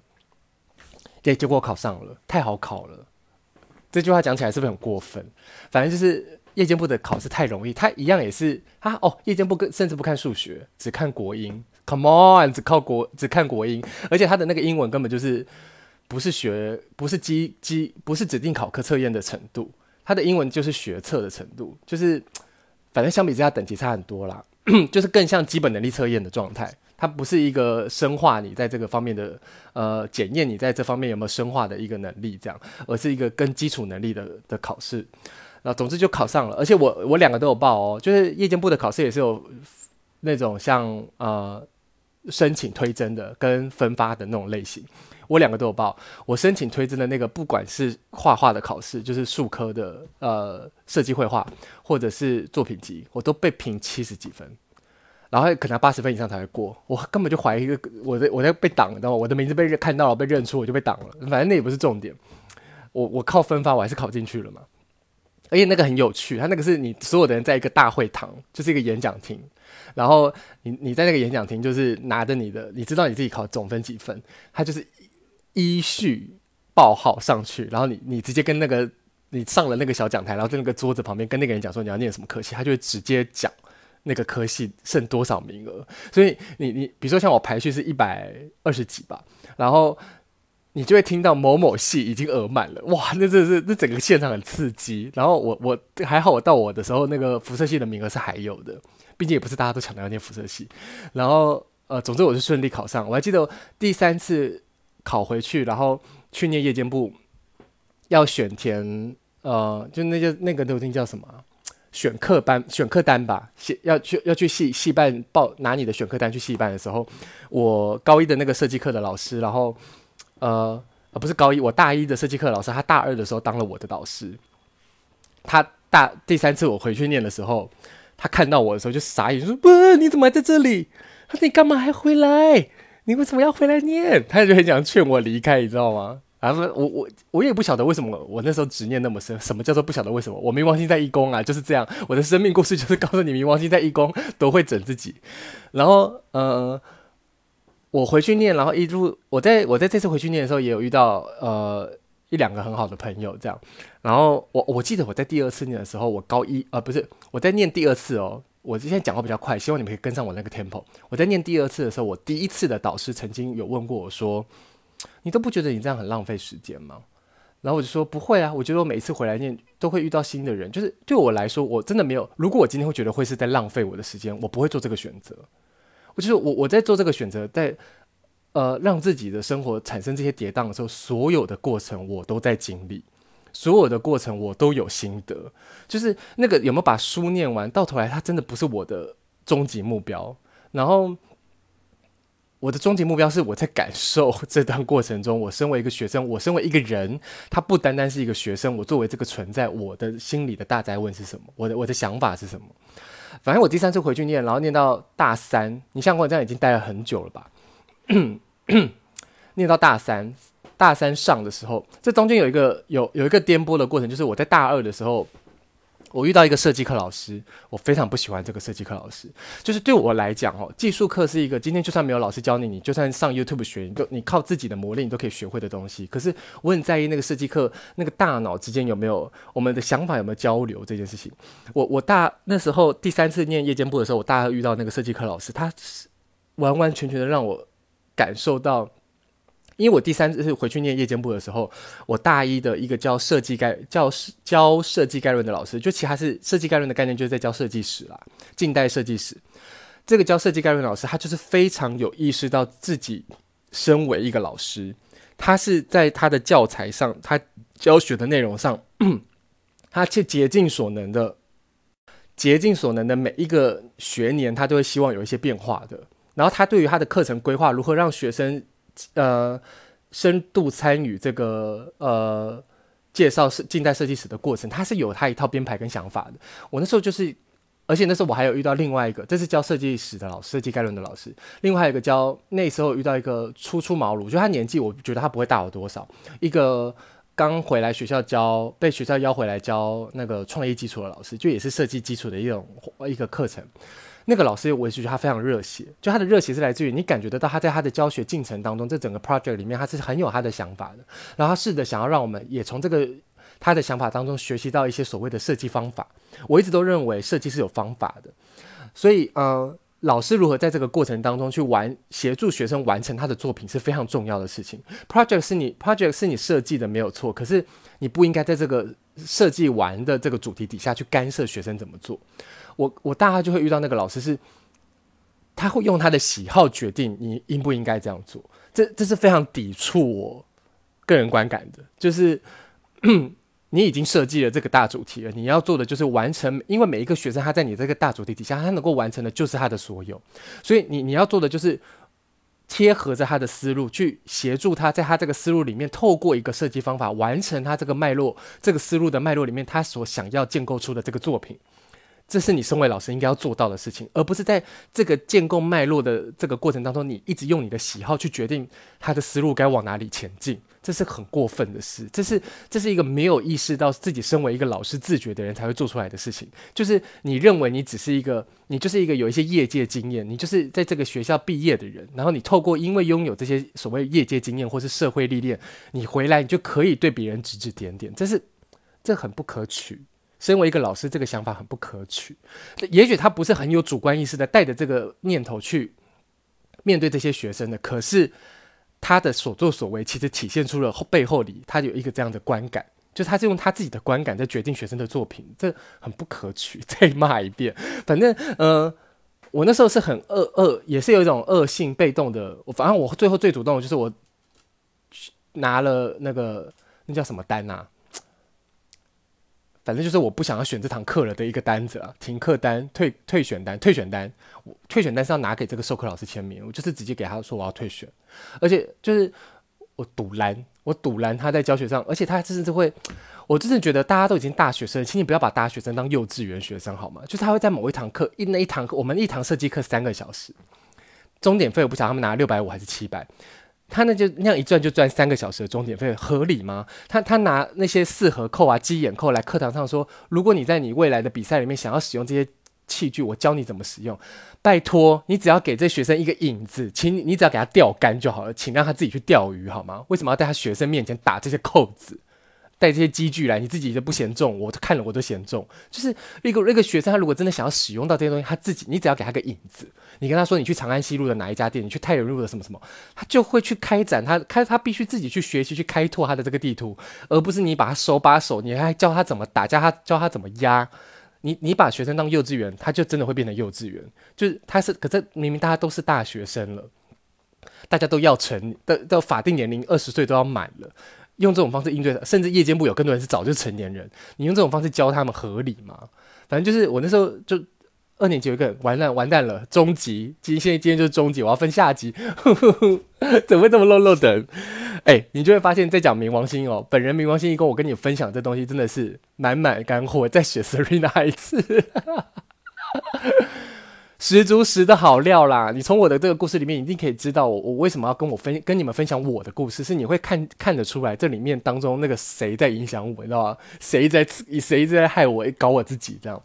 [SPEAKER 1] 對，結果考上了，太好考了。這句話講起來是不是很過分？反正就是夜間部的考試太容易，它一樣也是啊哦，夜間部跟甚至不看數學，只看國英，Come on，只靠國，只看國英，而且他的那個英文根本就是不是學不是基基不是指定考科測驗的程度，他的英文就是學測的程度，就是反正相比之下等級差很多啦， (coughs) 就是更像基本能力測驗的狀態，它不是一個深化你在這個方面的呃檢驗你在這方面有沒有深化的一個能力這樣，而是一個跟基礎能力的的考試。那總之就考上了，而且我我兩個都有報哦，就是夜間部的考試也是有那種像呃。申請推甄的跟分發的那種類型，我兩個都有報。我申請推甄的那個，不管是畫畫的考試，就是術科的呃設計繪畫，或者是作品集，我都被評七十幾分，然後可能八十分以上才會過。我根本就懷疑，我的我在被擋，你知道嗎？我的名字被看到了，被認出，我就被擋了。反正那也不是重點。我我靠分發，我還是考進去了嘛。而且那個很有趣，他那個是你所有的人在一個大會堂，就是一個演講廳。然後你你在那個演講廳，就是拿着你的，你知道你自己考總分幾分，他就是依序報號上去，然後你你直接跟那個你上了那個小講台，然後在那個桌子旁邊跟那個人講說你要念什麼科系，他就會直接講那個科系剩多少名額。所以你你，你比如說像我排序是一百二十幾吧，然後你就會聽到某某系已經額滿了，哇，那這是這整個現場很刺激。然後我我還好，我到我的時候，那個服設系的名額是還有的。畢竟也不是大家都搶著要念服設系，然後呃，總之我是順利考上。我還記得第三次考回去，然後去念夜間部，要選填呃，就那些、個、那個東西叫什麼？選課班、選課單吧。寫要，要去要去系系辦報拿你的選課單去系辦的時候，我高一的那個設計課的老師，然後呃呃不是高一，我大一的設計課老師，他大二的時候當了我的導師。他大第三次我回去念的時候。他看到我的時候就傻眼，就說：“不，你怎麼還在這裡？”他說：“你幹嘛還回來？你為什麼要回來念？”他就很想勸我離開，你知道嗎？啊，不，我我我也不曉得為什麼我那時候執念那麼深。什麼叫做不曉得為什麼？我冥王星在一宮啊，就是這樣。我的生命故事就是告訴你，冥王星在一宮都會整自己。然後，呃，我回去念，然後一路我在我在這次回去念的時候，也有遇到呃。一兩個很好的朋友，這樣。然後我我記得我在第二次念的時候，我高一啊，呃、不是我在念第二次哦。我今天講話比較快，希望你們可以跟上我那個 tempo。我在念第二次的時候，我第一次的導師曾經有問過我說：“你都不覺得你這樣很浪費時間嗎？”然後我就說：“不會啊，我覺得我每一次回來念都會遇到新的人，就是對我來說，我真的沒有。如果我今天會覺得會是在浪費我的時間，我不會做這個選擇。就是、我就我我在做這個選擇，在。”呃，讓自己的生活產生這些跌宕的時候，所有的過程我都在經歷，所有的過程我都有心得。就是那個有沒有把書念完，到頭來它真的不是我的終極目標。然後我的終極目標是我在感受這段過程中，我身為一個學生，我身為一個人，他不單單是一個學生，我作為這個存在，我的心裡的大哉問是什麼？我的我的想法是什麼？反正我第三次回去念，然後念到大三，你像我這樣已經待了很久了吧？念 (coughs) 到大三，大三上的時候，這中間有一個有有一個顛簸的過程，就是我在大二的時候，我遇到一個設計課老師，我非常不喜歡這個設計課老師。就是對我來講哦，技術課是一個今天就算沒有老師教你，你就算上 YouTube 學，你都你靠自己的磨練你都可以學會的東西。可是我很在意那個設計課那個大腦之間有沒有我們的想法有沒有交流這件事情。我我大那時候第三次念夜間部的時候，我大概遇到那個設計課老師，他是完完全全的讓我。感受到，因為我第三次是回去念夜間部的時候，我大一的一個叫設計概叫教設計概教教設計概論的老師，就其他是設計概論的概念，就是在教設計史啦，近代設計史。這個教設計概論老師，他就是非常有意識到自己身為一個老師，他是在他的教材上，他教學的內容上，嗯，他去竭盡所能的，竭盡所能的每一個學年，他都會希望有一些變化的。然後他對於他的課程規劃，如何讓學生，呃，深度參與這個呃介紹近代設計史的過程，他是有他一套編排跟想法的。我那時候就是，而且那時候我還有遇到另外一個，這是教設計史的老師，設計概論的老師。另外一個教那時候遇到一個初出茅廬，就他年紀，我覺得他不會大我多少。一個剛回來學校教，被學校邀回來教那個創意基礎的老師，就也是設計基礎的一種一個課程。那個老師，我也是覺得他非常熱血，就他的熱血是來自於你感覺得到他在他的教學進程當中，這整個 project 裡面他是很有他的想法的，然後他試着想要讓我們也從這個他的想法當中學習到一些所謂的設計方法。我一直都認為設計是有方法的，所以呃，老師如何在這個過程當中去完協助學生完成他的作品是非常重要的事情。project 是你 project 是你設計的沒有錯，可是你不應該在這個設計完的這個主題底下去干涉學生怎麼做。我我大概就會遇到那個老師是，是他會用他的喜好決定你應不應該這樣做，這這是非常抵觸我個人觀感的。就是你已經設計了這個大主題了，你要做的就是完成，因為每一個學生他在你這個大主題底下，他能夠完成的就是他的所有，所以你你要做的就是貼合着他的思路，去協助他在他這個思路裡面，透過一個設計方法完成他這個脈絡，這個思路的脈絡裡面他所想要建構出的這個作品。這是你身為老師應該要做到的事情，而不是在這個建構脈絡的這個過程當中，你一直用你的喜好去決定他的思路該往哪裡前進，這是很過分的事。這是這是一個沒有意識到自己身為一個老師自覺的人才會做出來的事情。就是你認為你只是一個，你就是一個有一些業界經驗，你就是在這個學校畢業的人，然後你透過因為擁有這些所謂業界經驗或是社會歷練，你回來你就可以對別人指指點點，這是這很不可取。身為一個老師，這個想法很不可取。也許他不是很有主觀意識的，帶着這個念頭去面對這些學生的。可是他的所作所為，其實體現出了背後裡他有一個這樣的觀感，就是他是用他自己的觀感在決定學生的作品，這很不可取。再罵一遍，反正嗯、呃，我那時候是很惡惡，也是有一種惡性被動的。反正我最後最主動的就是我拿了那個那叫什麼單啊。反正就是我不想要選這堂課了的一個單子啊，停課單、退退選單、退選單我，退選單是要拿給這個授課老師簽名，我就是直接給他說我要退選。而且就是我賭爛，我賭爛他在教學上，而且他甚至會，我真的覺得大家都已經大學生，請你不要把大學生當幼稚園學生好嗎？就是他會在某一堂課一那一堂課，我們一堂設計課三個小時，鐘點費我不曉得他們拿六百五還是七百。他那就那樣一轉就轉三個小時的鐘點費合理嗎？他他拿那些四合扣啊、雞眼扣來課堂上說，如果你在你未來的比賽裡面想要使用這些器具，我教你怎麼使用。拜託，你只要給這學生一個引子，請你只要給他釣竿就好了，請讓他自己去釣魚好嗎？為什麼要在他學生面前打這些扣子？帶這些機具來，你自己都不嫌重，我看了我都嫌重。就是那個那個學生，他如果真的想要使用到這些東西，他自己，你只要給他個影子，你跟他說，你去長安西路的哪一家店，你去太原路的什麼什麼，他就會去開展他。他開他必須自己去學習去開拓他的這個地圖，而不是你把他手把手，你還教他怎麼打架，教他教他怎麼壓。你你把學生當幼稚園，他就真的會變成幼稚園。就是他是可是明明大家都是大學生了，大家都要成的，到法定年齡二十歲都要滿了。用這種方式應對，甚至夜間部有更多人是早就是、成年人。你用這種方式教他們合理嗎？反正就是我那時候就二年級，一個完蛋，完蛋了，中集。今現今天就是中集，我要分下集。呵呵怎麼會這麼漏漏的？哎、欸，你就會發現，在講冥王星哦、喔，本命冥王星一宮，我跟你分享這東西真的是滿滿乾貨。再學 Serina 一次。 (laughs) 十足十的好料啦！你從我的這個故事裡面一定可以知道我，我為什麼要跟我分跟你們分享我的故事，是你會看看得出來這裡面當中那個誰在影響我，你知道嗎？誰在誰在害我搞我自己這樣？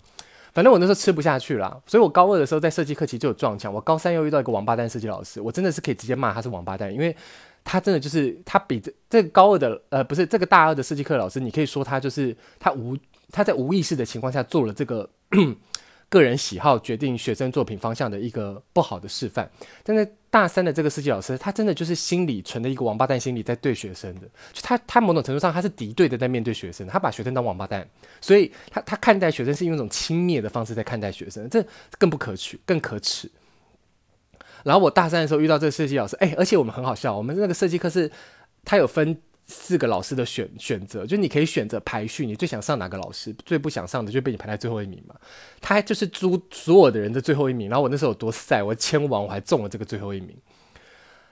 [SPEAKER 1] 反正我那時候吃不下去啦，所以我高二的時候在設計課其實就有撞牆。我高三又遇到一個王八蛋設計老師，我真的是可以直接罵他是王八蛋，因為他真的就是他比這、這個高二的呃不是這個大二的設計課老師，你可以說他就是他無他在無意識的情況下做了這個。 (coughs) 個人喜好決定學生作品方向的一個不好的示範，但是大三的這個設計老師，他真的就是心裡存着一個王八蛋心理在對學生的，就他他某種程度上他是敵對的在面對學生，他把學生當王八蛋，所以他他看待學生是用一種輕蔑的方式在看待學生，這更不可取，更可恥。然後我大三的時候遇到這個設計老師，哎，而且我們很好笑，我們那個設計課是他有分。四個老師的選選擇，就你可以選擇排序，你最想上哪個老師，最不想上的就被你排在最後一名嘛。他就是諸所有的人的最後一名。然後我那時候有多賽，我簽完我還中了這個最後一名。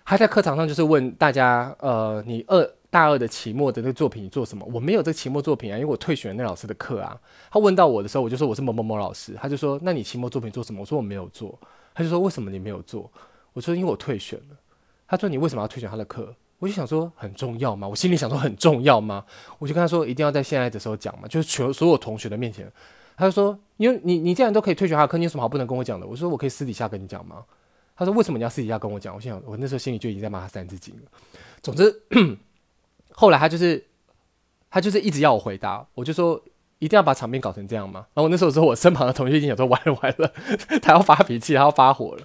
[SPEAKER 1] 他在課堂上就是問大家，呃，你二大二的期末的那個作品你做什麼？我沒有這個期末作品啊，因為我退選了那老師的課啊。他問到我的時候，我就說我是某某某老師。他就說那你期末作品做什麼？我說我沒有做。他就說為什麼你沒有做？我說因為我退選了。他說你為什麼要退選他的課？我就想說很重要嗎？我心裡想說很重要嗎？我就跟他說，一定要在現在的時候講嘛？就是全所有同學的面前。他就說，因為你你既然都可以退學，他可你有什麼好不能跟我講的。我說我可以私底下跟你講嗎？他說為什麼你要私底下跟我講？我想我那時候心裡就已經在罵他三字經了。總之，後來他就是他就是一直要我回答，我就說一定要把場面搞成這樣嘛？然後我那時候說，我身旁的同學已經想說完了完了， (laughs) 他要發脾氣，他要發火了。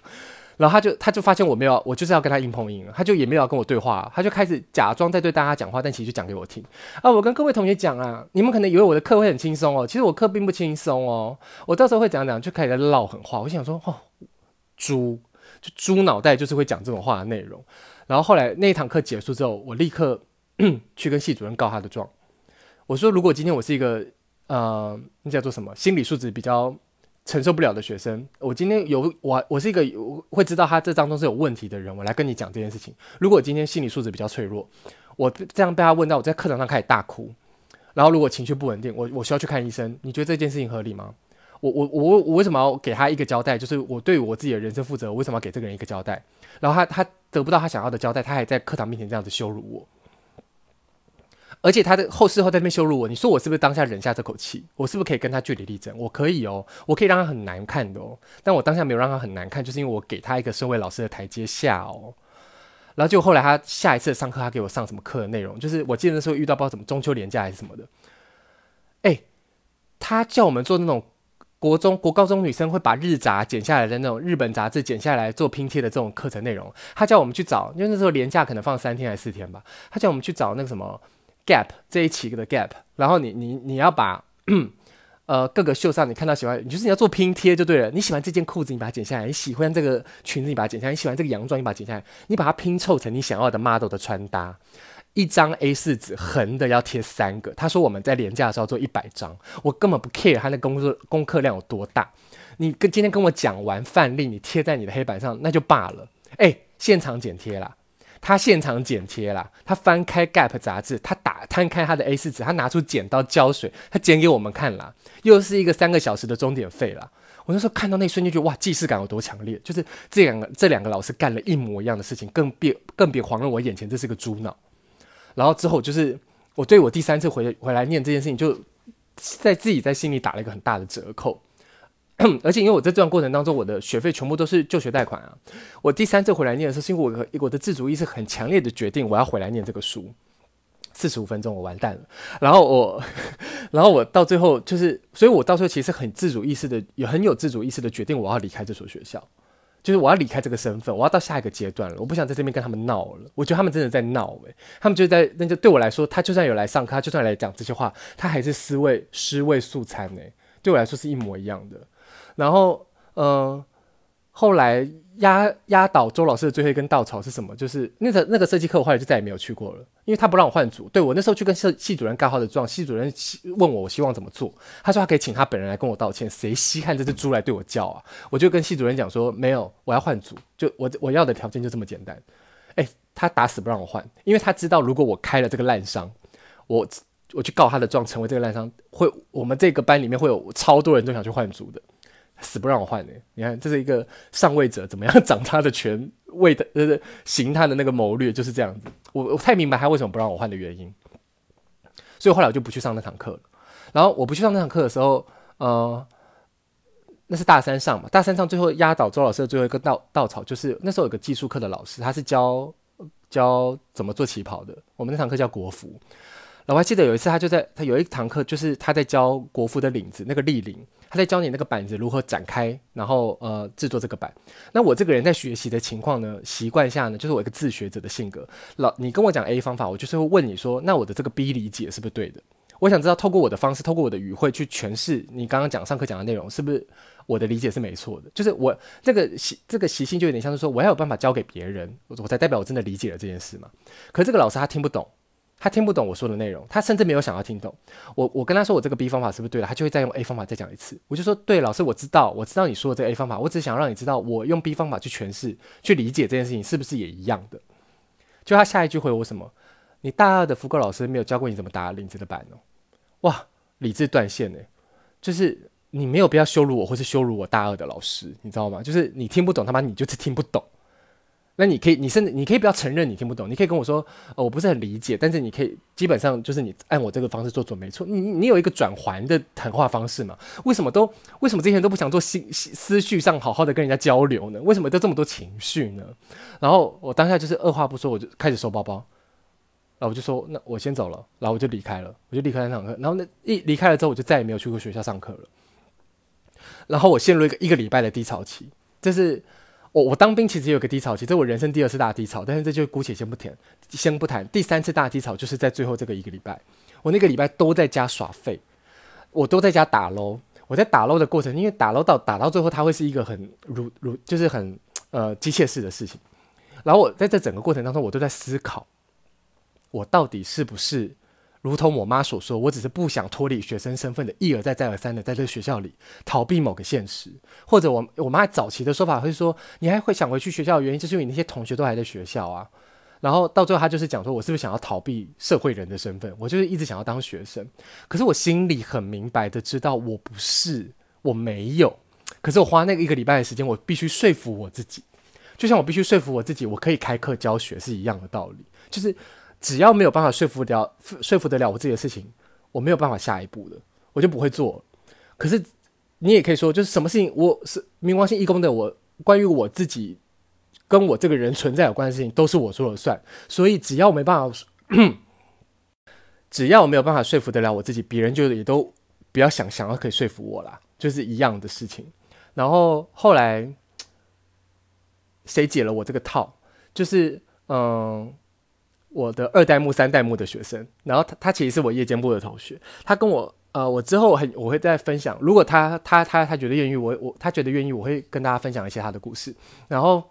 [SPEAKER 1] 然後他就他就發現我沒有，我就是要跟他硬碰硬，他就也沒有要跟我對話，他就開始假裝在對大家講話，但其實就講給我聽啊。我跟各位同學講啊，你們可能以為我的課會很輕鬆哦，其實我課並不輕鬆哦。我到時候會講講，就開始撂狠話。我想說，哦，豬，就豬腦袋就是會講這種話的內容。然後後來那一堂課結束之後，我立刻去跟系主任告他的狀。我說，如果今天我是一個，呃，那叫做什麼？心理素質比較。承受不了的學生，我今天有我，我是一個會知道他這當中是有問題的人，我來跟你講這件事情。如果今天心理素質比較脆弱，我這樣被他問到，我在課堂上開始大哭，然後如果情緒不穩定，我我需要去看醫生。你覺得這件事情合理嗎？我我我我為什麼要給他一個交代？就是我對我自己的人生負責，我為什麼要給這個人一個交代？然後他他得不到他想要的交代，他還在課堂面前這樣子羞辱我，而且他的後事後在那邊羞辱我，你說我是不是當下忍下這口氣？我是不是可以跟他據理力爭？我可以哦，我可以讓他很難看的哦。但我當下沒有讓他很難看，就是因為我給他一個身為老師的台階下哦。然後就後來他下一次上課，他給我上什麼課的內容，就是我記得那時候遇到不知道怎麼中秋連假還是什麼的，哎，他叫我們做那種國中國高中女生會把日雜剪下來的那種日本雜志剪下來做拼貼的這種課程內容。他叫我們去找，因為那時候連假可能放三天還是四天吧，他叫我們去找那個什麼。Gap 這一期的 Gap，然後你你你要把，呃，各個秀上你看到喜歡，就是你要做拼貼就對了。你喜歡這件褲子，你把它剪下來；你喜歡這個裙子，你把它剪下來；你喜歡這個洋裝，你把它剪下來，你把它拼湊成你想要的 model 的穿搭。一張 A4 紙橫的要貼三個，他說我們在連假的時候要做一百張，我根本不 care 他那工作功，功課量有多大。你跟今天跟我講完範例，你貼在你的黑板上那就罷了。誒，現場剪貼啦。他現場剪貼了，他翻開 GAP 雜誌，他打攤開他的 A4 紙，他拿出剪刀膠水，他剪給我們看了，又是一個三個小時的鐘點費了。我那時候看到那瞬間，就覺得哇，既視感有多強烈，就是這兩個這兩個老師幹了一模一樣的事情，更別更別遑論我眼前這是個豬腦。然後之後就是我對我第三次回回來念這件事情，就在自己在心裡打了一個很大的折扣。 (coughs) 而且，因為我在這段過程當中，我的學費全部都是就學貸款啊。我第三次回來念的時候，是因為我的我的自主意識很強烈的決定，我要回來念這個書。四十五分鐘，我完蛋了。然後我，然後我到最後就是，所以我到最後其實很自主意識的，有很有自主意識的決定，我要離開這所學校，就是我要離開這個身份，我要到下一個階段了。我不想在這邊跟他們鬧了。我覺得他們真的在鬧誒、欸，他們就在那，就對我來說，他就算有來上課，他就算來講這些話，他還是尸位尸位素餐哎、欸。對我來說是一模一樣的。然後，嗯、呃，後來壓壓倒周老師的最後一根稻草是什麼？就是那個那個設計課，我後來就再也沒有去過了，因為他不讓我換組。對，我那時候去跟系系主任告他的狀，系主任問我我希望怎麼做，他說他可以請他本人來跟我道歉。誰稀罕這隻豬來對我叫啊？我就跟系主任講說，沒有，我要換組，就我我要的條件就這麼簡單。哎，他打死不讓我換，因為他知道如果我開了這個濫觴，我我去告他的狀，成為這個濫觴，會我們這個班裡面會有超多人都想去換組的。死不讓我換呢、欸！你看，這是一個上位者怎麼樣掌他的權位的呃，行、就是、他的那個謀略就是這樣子。我我太明白他為什麼不讓我換的原因，所以後來我就不去上那堂課了。然後我不去上那堂課的時候，嗯、呃，那是大三上嘛，大三上最後壓倒周老師的最後一個稻稻草，就是那時候有個技術課的老師，他是教教怎麼做旗袍的。我們那堂課叫國服，然後我還記得有一次，他就在他有一個堂課，就是他在教國服的領子，那個立領。他在教你那個板子如何展開，然後呃制作這個板。那我這個人，在學習的情況呢，習慣下呢，就是我一個自學者的性格。老，你跟我講 A 方法，我就是會問你說，那我的這個 B 理解是不是對的？我想知道，透過我的方式，透過我的語彙去詮釋你剛剛講上課講的內容，是不是我的理解是沒錯的？就是我、那個、這個習這個習性就有點像是說，我要有辦法教給別人，我才代表我真的理解了這件事嘛。可是這個老師他聽不懂。他聽不懂我說的內容，他甚至沒有想要聽懂我。我跟他說我這個 B 方法是不是對了，他就會再用 A 方法再講一次。我就說對，老師我知道，我知道你說的這個 A 方法，我只是想讓你知道，我用 B 方法去詮釋、去理解這件事情是不是也一樣的。就他下一句回我什麼？你大二的福哥老師沒有教過你怎麼打領子的板哦？哇，理智斷線呢，就是你沒有必要羞辱我，或是羞辱我大二的老師，你知道嗎？就是你聽不懂他媽，你就是聽不懂。那你可以，你甚至你可以不要承認你聽不懂，你可以跟我說，呃，我不是很理解，但是你可以基本上就是你按我這個方式做準沒錯。你你有一個轉圜的談話方式嘛。為什麼都為什麼這些人都不想做心思緒上好好的跟人家交流呢？為什麼都這麼多情緒呢？然後我當下就是二話不說，我就開始收包包，然後我就說那我先走了，然後我就離開了，我就離開那堂課，然後那一離開了之後，我就再也沒有去過學校上課了。然後我陷入一個一個禮拜的低潮期，這是。我我當兵其實也有個低潮期，這是我人生第二次大低潮，但是這就姑且先不談，先不談。第三次大低潮就是在最後這個一個禮拜，我那個禮拜都在家耍廢，我都在家打撈。我在打撈的過程，因為打撈到打到最後，它會是一個很如如就是很呃機械式的事情。然後我在這整個過程當中，我都在思考，我到底是不是？如同我媽所說，我只是不想脫離學生身份的，一而再再而三的在這個學校裡逃避某個現實。或者我我媽早期的說法會說，你還會想回去學校的原因，就是因為你那些同學都還在學校啊。然後到最後，她就是講說，我是不是想要逃避社會人的身份？我就是一直想要當學生。可是我心裡很明白的知道，我不是，我沒有。可是我花那個一個禮拜的時間，我必須說服我自己，就像我必須說服我自己，我可以開課教學是一樣的道理，就是。只要沒有辦法說服掉，說服得了我自己的事情，我沒有辦法下一步的，我就不會做。可是你也可以說，就是什麼事情我，我是冥王星一宮的，我關於我自己跟我這個人存在有關的事情，都是我說了算。所以只要沒辦法，只要我沒有辦法說服得了我自己，別人就也都不要想想要可以說服我啦，就是一樣的事情。然後後來誰解了我這個套？就是嗯。我的二代目、三代目的學生，然後他他其實是我夜間部的同學，他跟我呃，我之後很，我會再分享，如果他他他他覺得願意，我我他覺得願意，我會跟大家分享一些他的故事。然後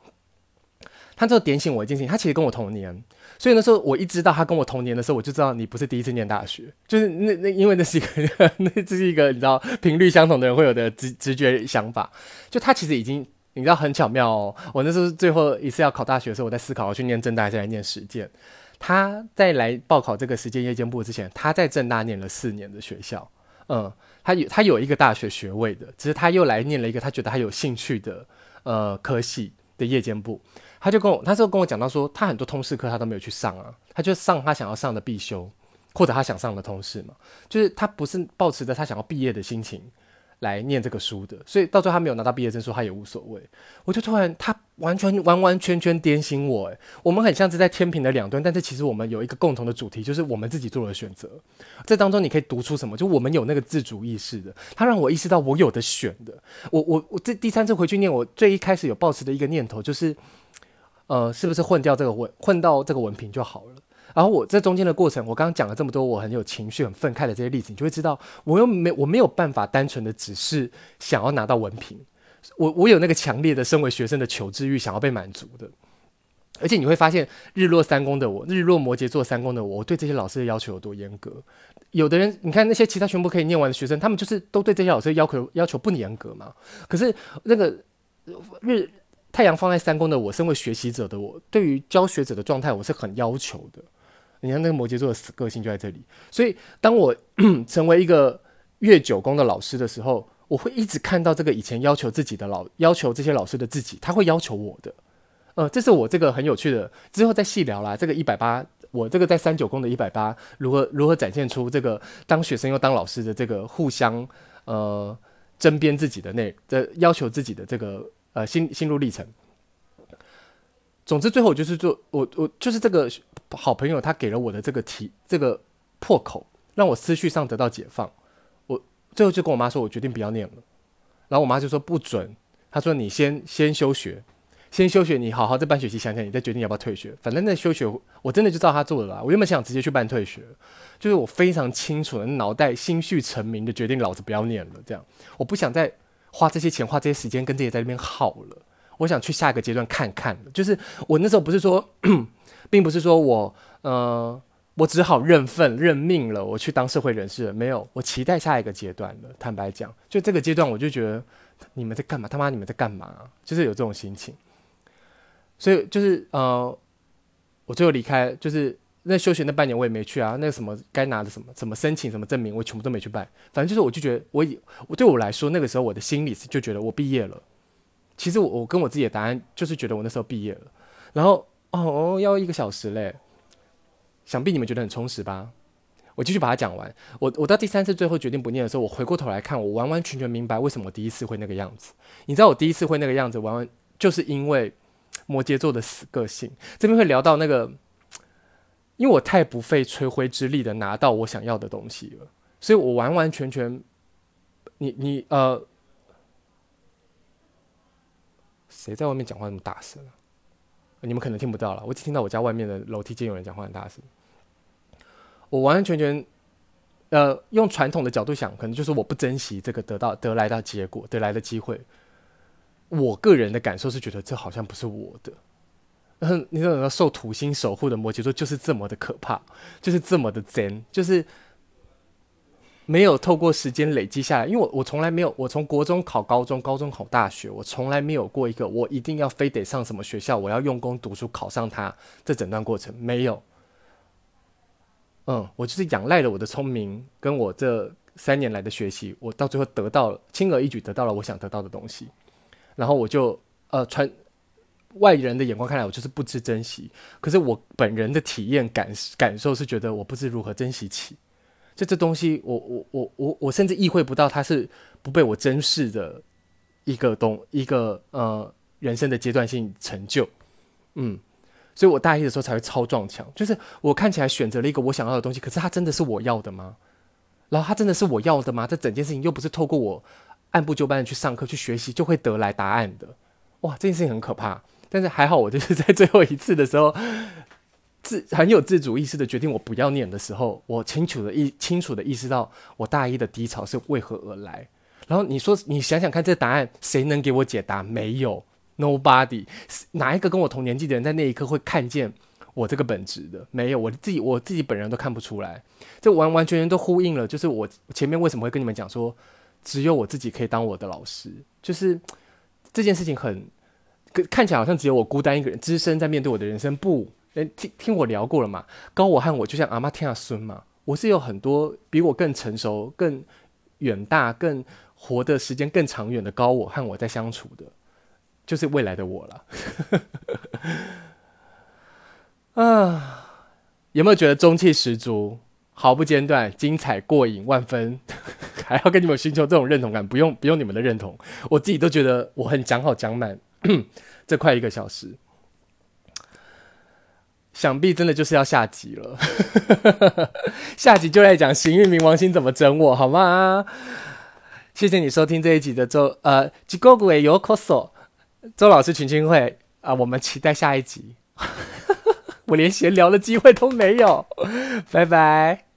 [SPEAKER 1] 他之後點醒我一件事情，他其實跟我同年，所以那時候我一知道他跟我同年的時候，我就知道你不是第一次念大學，就是那那因為那是一個 (laughs) 那這是一個你知道頻率相同的人會有的直直覺想法。就他其實已經你知道很巧妙哦，我那時候最後一次要考大學的時候，我在思考我去念政大還是來念實踐。他在來報考這個時間夜間部之前，他在政大念了四年的學校，嗯，他有他有一個大學學位的，只是他又來念了一個他覺得他有興趣的呃科系的夜間部，他就跟我，他就跟我講到說，他很多通識課他都沒有去上啊，他就上他想要上的必修或者他想上的通識嘛，就是他不是抱持著他想要畢業的心情。來念這個書的，所以到最後他沒有拿到畢業證書，他也無所謂。我就突然他完全完完全全點醒我，欸，我們很像是在天平的兩端，但是其實我們有一個共同的主題，就是我們自己做的選擇。這當中你可以讀出什麼？就我們有那個自主意識的，他讓我意識到我有的選的。我我我這第三次回去念，我最一開始有抱持的一個念頭就是，呃，是不是混掉這個文，混到這個文憑就好了？然後我在中間的過程，我剛剛講了這麼多，我很有情緒、很憤慨的這些例子，你就會知道，我又沒我沒有辦法單純的只是想要拿到文憑，我我有那個強烈的身為學生的求知欲，想要被滿足的。而且你會發現，日落三宮的我，日落摩羯座三宮的我，我對這些老師的要求有多嚴格。有的人，你看那些其他全部可以念完的學生，他們就是都對這些老師要求要求不嚴格嘛。可是那個日太陽放在三宮的我，身為學習者的我，對於教學者的狀態，我是很要求的。你看那個摩羯座的個性就在這裡，所以當我 (coughs) 成為一個月九宮的老師的時候，我會一直看到這個以前要求自己的老，要求這些老師的自己，他會要求我的。呃，這是我這個很有趣的，之後再細聊啦。這個一百八，我這個在三九宮的一百八，如何如何展現出這個當學生又當老師的這個互相呃爭辯自己的那這要求自己的這個呃心心路歷程。總之，最後我就是做我，我就是這個好朋友，他給了我的這個題，這個破口，讓我思緒上得到解放。我最後就跟我媽說，我決定不要唸了。然後我媽就說不准，她說，你先先休學，先休學，你好好這半學期想想，你再決定要不要退學。反正那休學我真的就照他做了啦。我原本想直接去辦退學，就是我非常清楚的腦袋心緒澄明的決定，老子不要唸了。這樣我不想再花這些錢，花這些時間跟這些在那邊耗了。我想去下一個階段看看，就是我那時候不是說，並不是說我，呃，我只好認份認命了，我去當社會人士了。沒有，我期待下一個階段了。坦白講，就這個階段，我就覺得你們在幹嘛？他媽，你們在幹嘛啊？就是有這種心情。所以就是呃，我最後離開，就是那休學那半年我也沒去啊。那什麼該拿的什麼什麼申請什麼證明，我全部都沒去辦。反正就是我就覺得我，我我對我來說那個時候我的心裡是就覺得我畢業了。其實我我跟我自己的答案就是覺得我那時候畢業了，然後哦哦要一個小時嘞，想必你們覺得很充實吧？我繼續把它講完。我我到第三次最後決定不念的時候，我回過頭來看，我完完全全明白為什麼我第一次會那個樣子。你知道我第一次會那個樣子，完完就是因為摩羯座的死個性。這邊會聊到那個，因為我太不費吹灰之力的拿到我想要的東西了，所以我完完全全，你你呃。誰在外面講話那麼大聲、啊呃？你們可能聽不到了。我只聽到我家外面的樓梯間有人講話很大聲。我完完全全，呃，用傳統的角度想，可能就是我不珍惜這個得到得來的結果，得來的機會。我個人的感受是覺得這好像不是我的。呃、你知道受土星守護的摩羯座就是這麼的可怕，就是這麼的真，就是。沒有透過時間累積下來，因為我我從來沒有，我從國中考高中，高中考大學，我從來沒有過一個我一定要非得上什麼學校，我要用功讀書考上它，這整段過程沒有。嗯，我就是仰賴了我的聰明，跟我這三年來的學習，我到最後得到了輕而易舉得到了我想得到的東西，然後我就呃，從外人的眼光看來，我就是不知珍惜，可是我本人的體驗感感受是覺得我不知如何珍惜起。這這東西我，我我我我我甚至意會不到，它是不被我珍視的一個東一個呃人生的階段性成就，嗯，所以我大一的時候才會超撞牆，就是我看起來選擇了一個我想要的東西，可是它真的是我要的嗎？然後它真的是我要的嗎？這整件事情又不是透過我按部就班的去上課去學習就會得來答案的，哇，這件事情很可怕，但是還好我就是在最後一次的時候。自很有自主意識的決定，我不要念的時候，我清楚的意清楚的意識到我大一的低潮是為何而來。然後你說，你想想看，這個答案誰能給我解答？沒有，Nobody，哪一個跟我同年紀的人在那一刻會看見我這個本質的？沒有，我自己我自己本人都看不出來。這完完全全都呼應了，就是我前面為什麼會跟你們講說，只有我自己可以當我的老師，就是這件事情很看起來好像只有我孤單一個人，只身在面對我的人生不欸、聽聽我聊過了嘛？高我和我就像阿媽聽阿孫嘛，我是有很多比我更成熟、更遠大、更活的時間更長遠的高我和我在相處的，就是未來的我了。 (laughs) 啊，有沒有覺得中氣十足、毫不間斷、精彩過癮萬分？ (laughs) 還要跟你們尋求這種認同感，不用不用你們的認同，我自己都覺得我很講好講滿， (coughs) 這快一個小時。想必真的就是要下集了， (laughs) 下集就來講行運冥王星怎麼整我，好嗎？謝謝你收聽這一集的周呃地獄へようこそ周老師群星會啊，我們期待下一集。 (laughs) 我連閒聊的機會都沒有， (laughs) 拜拜。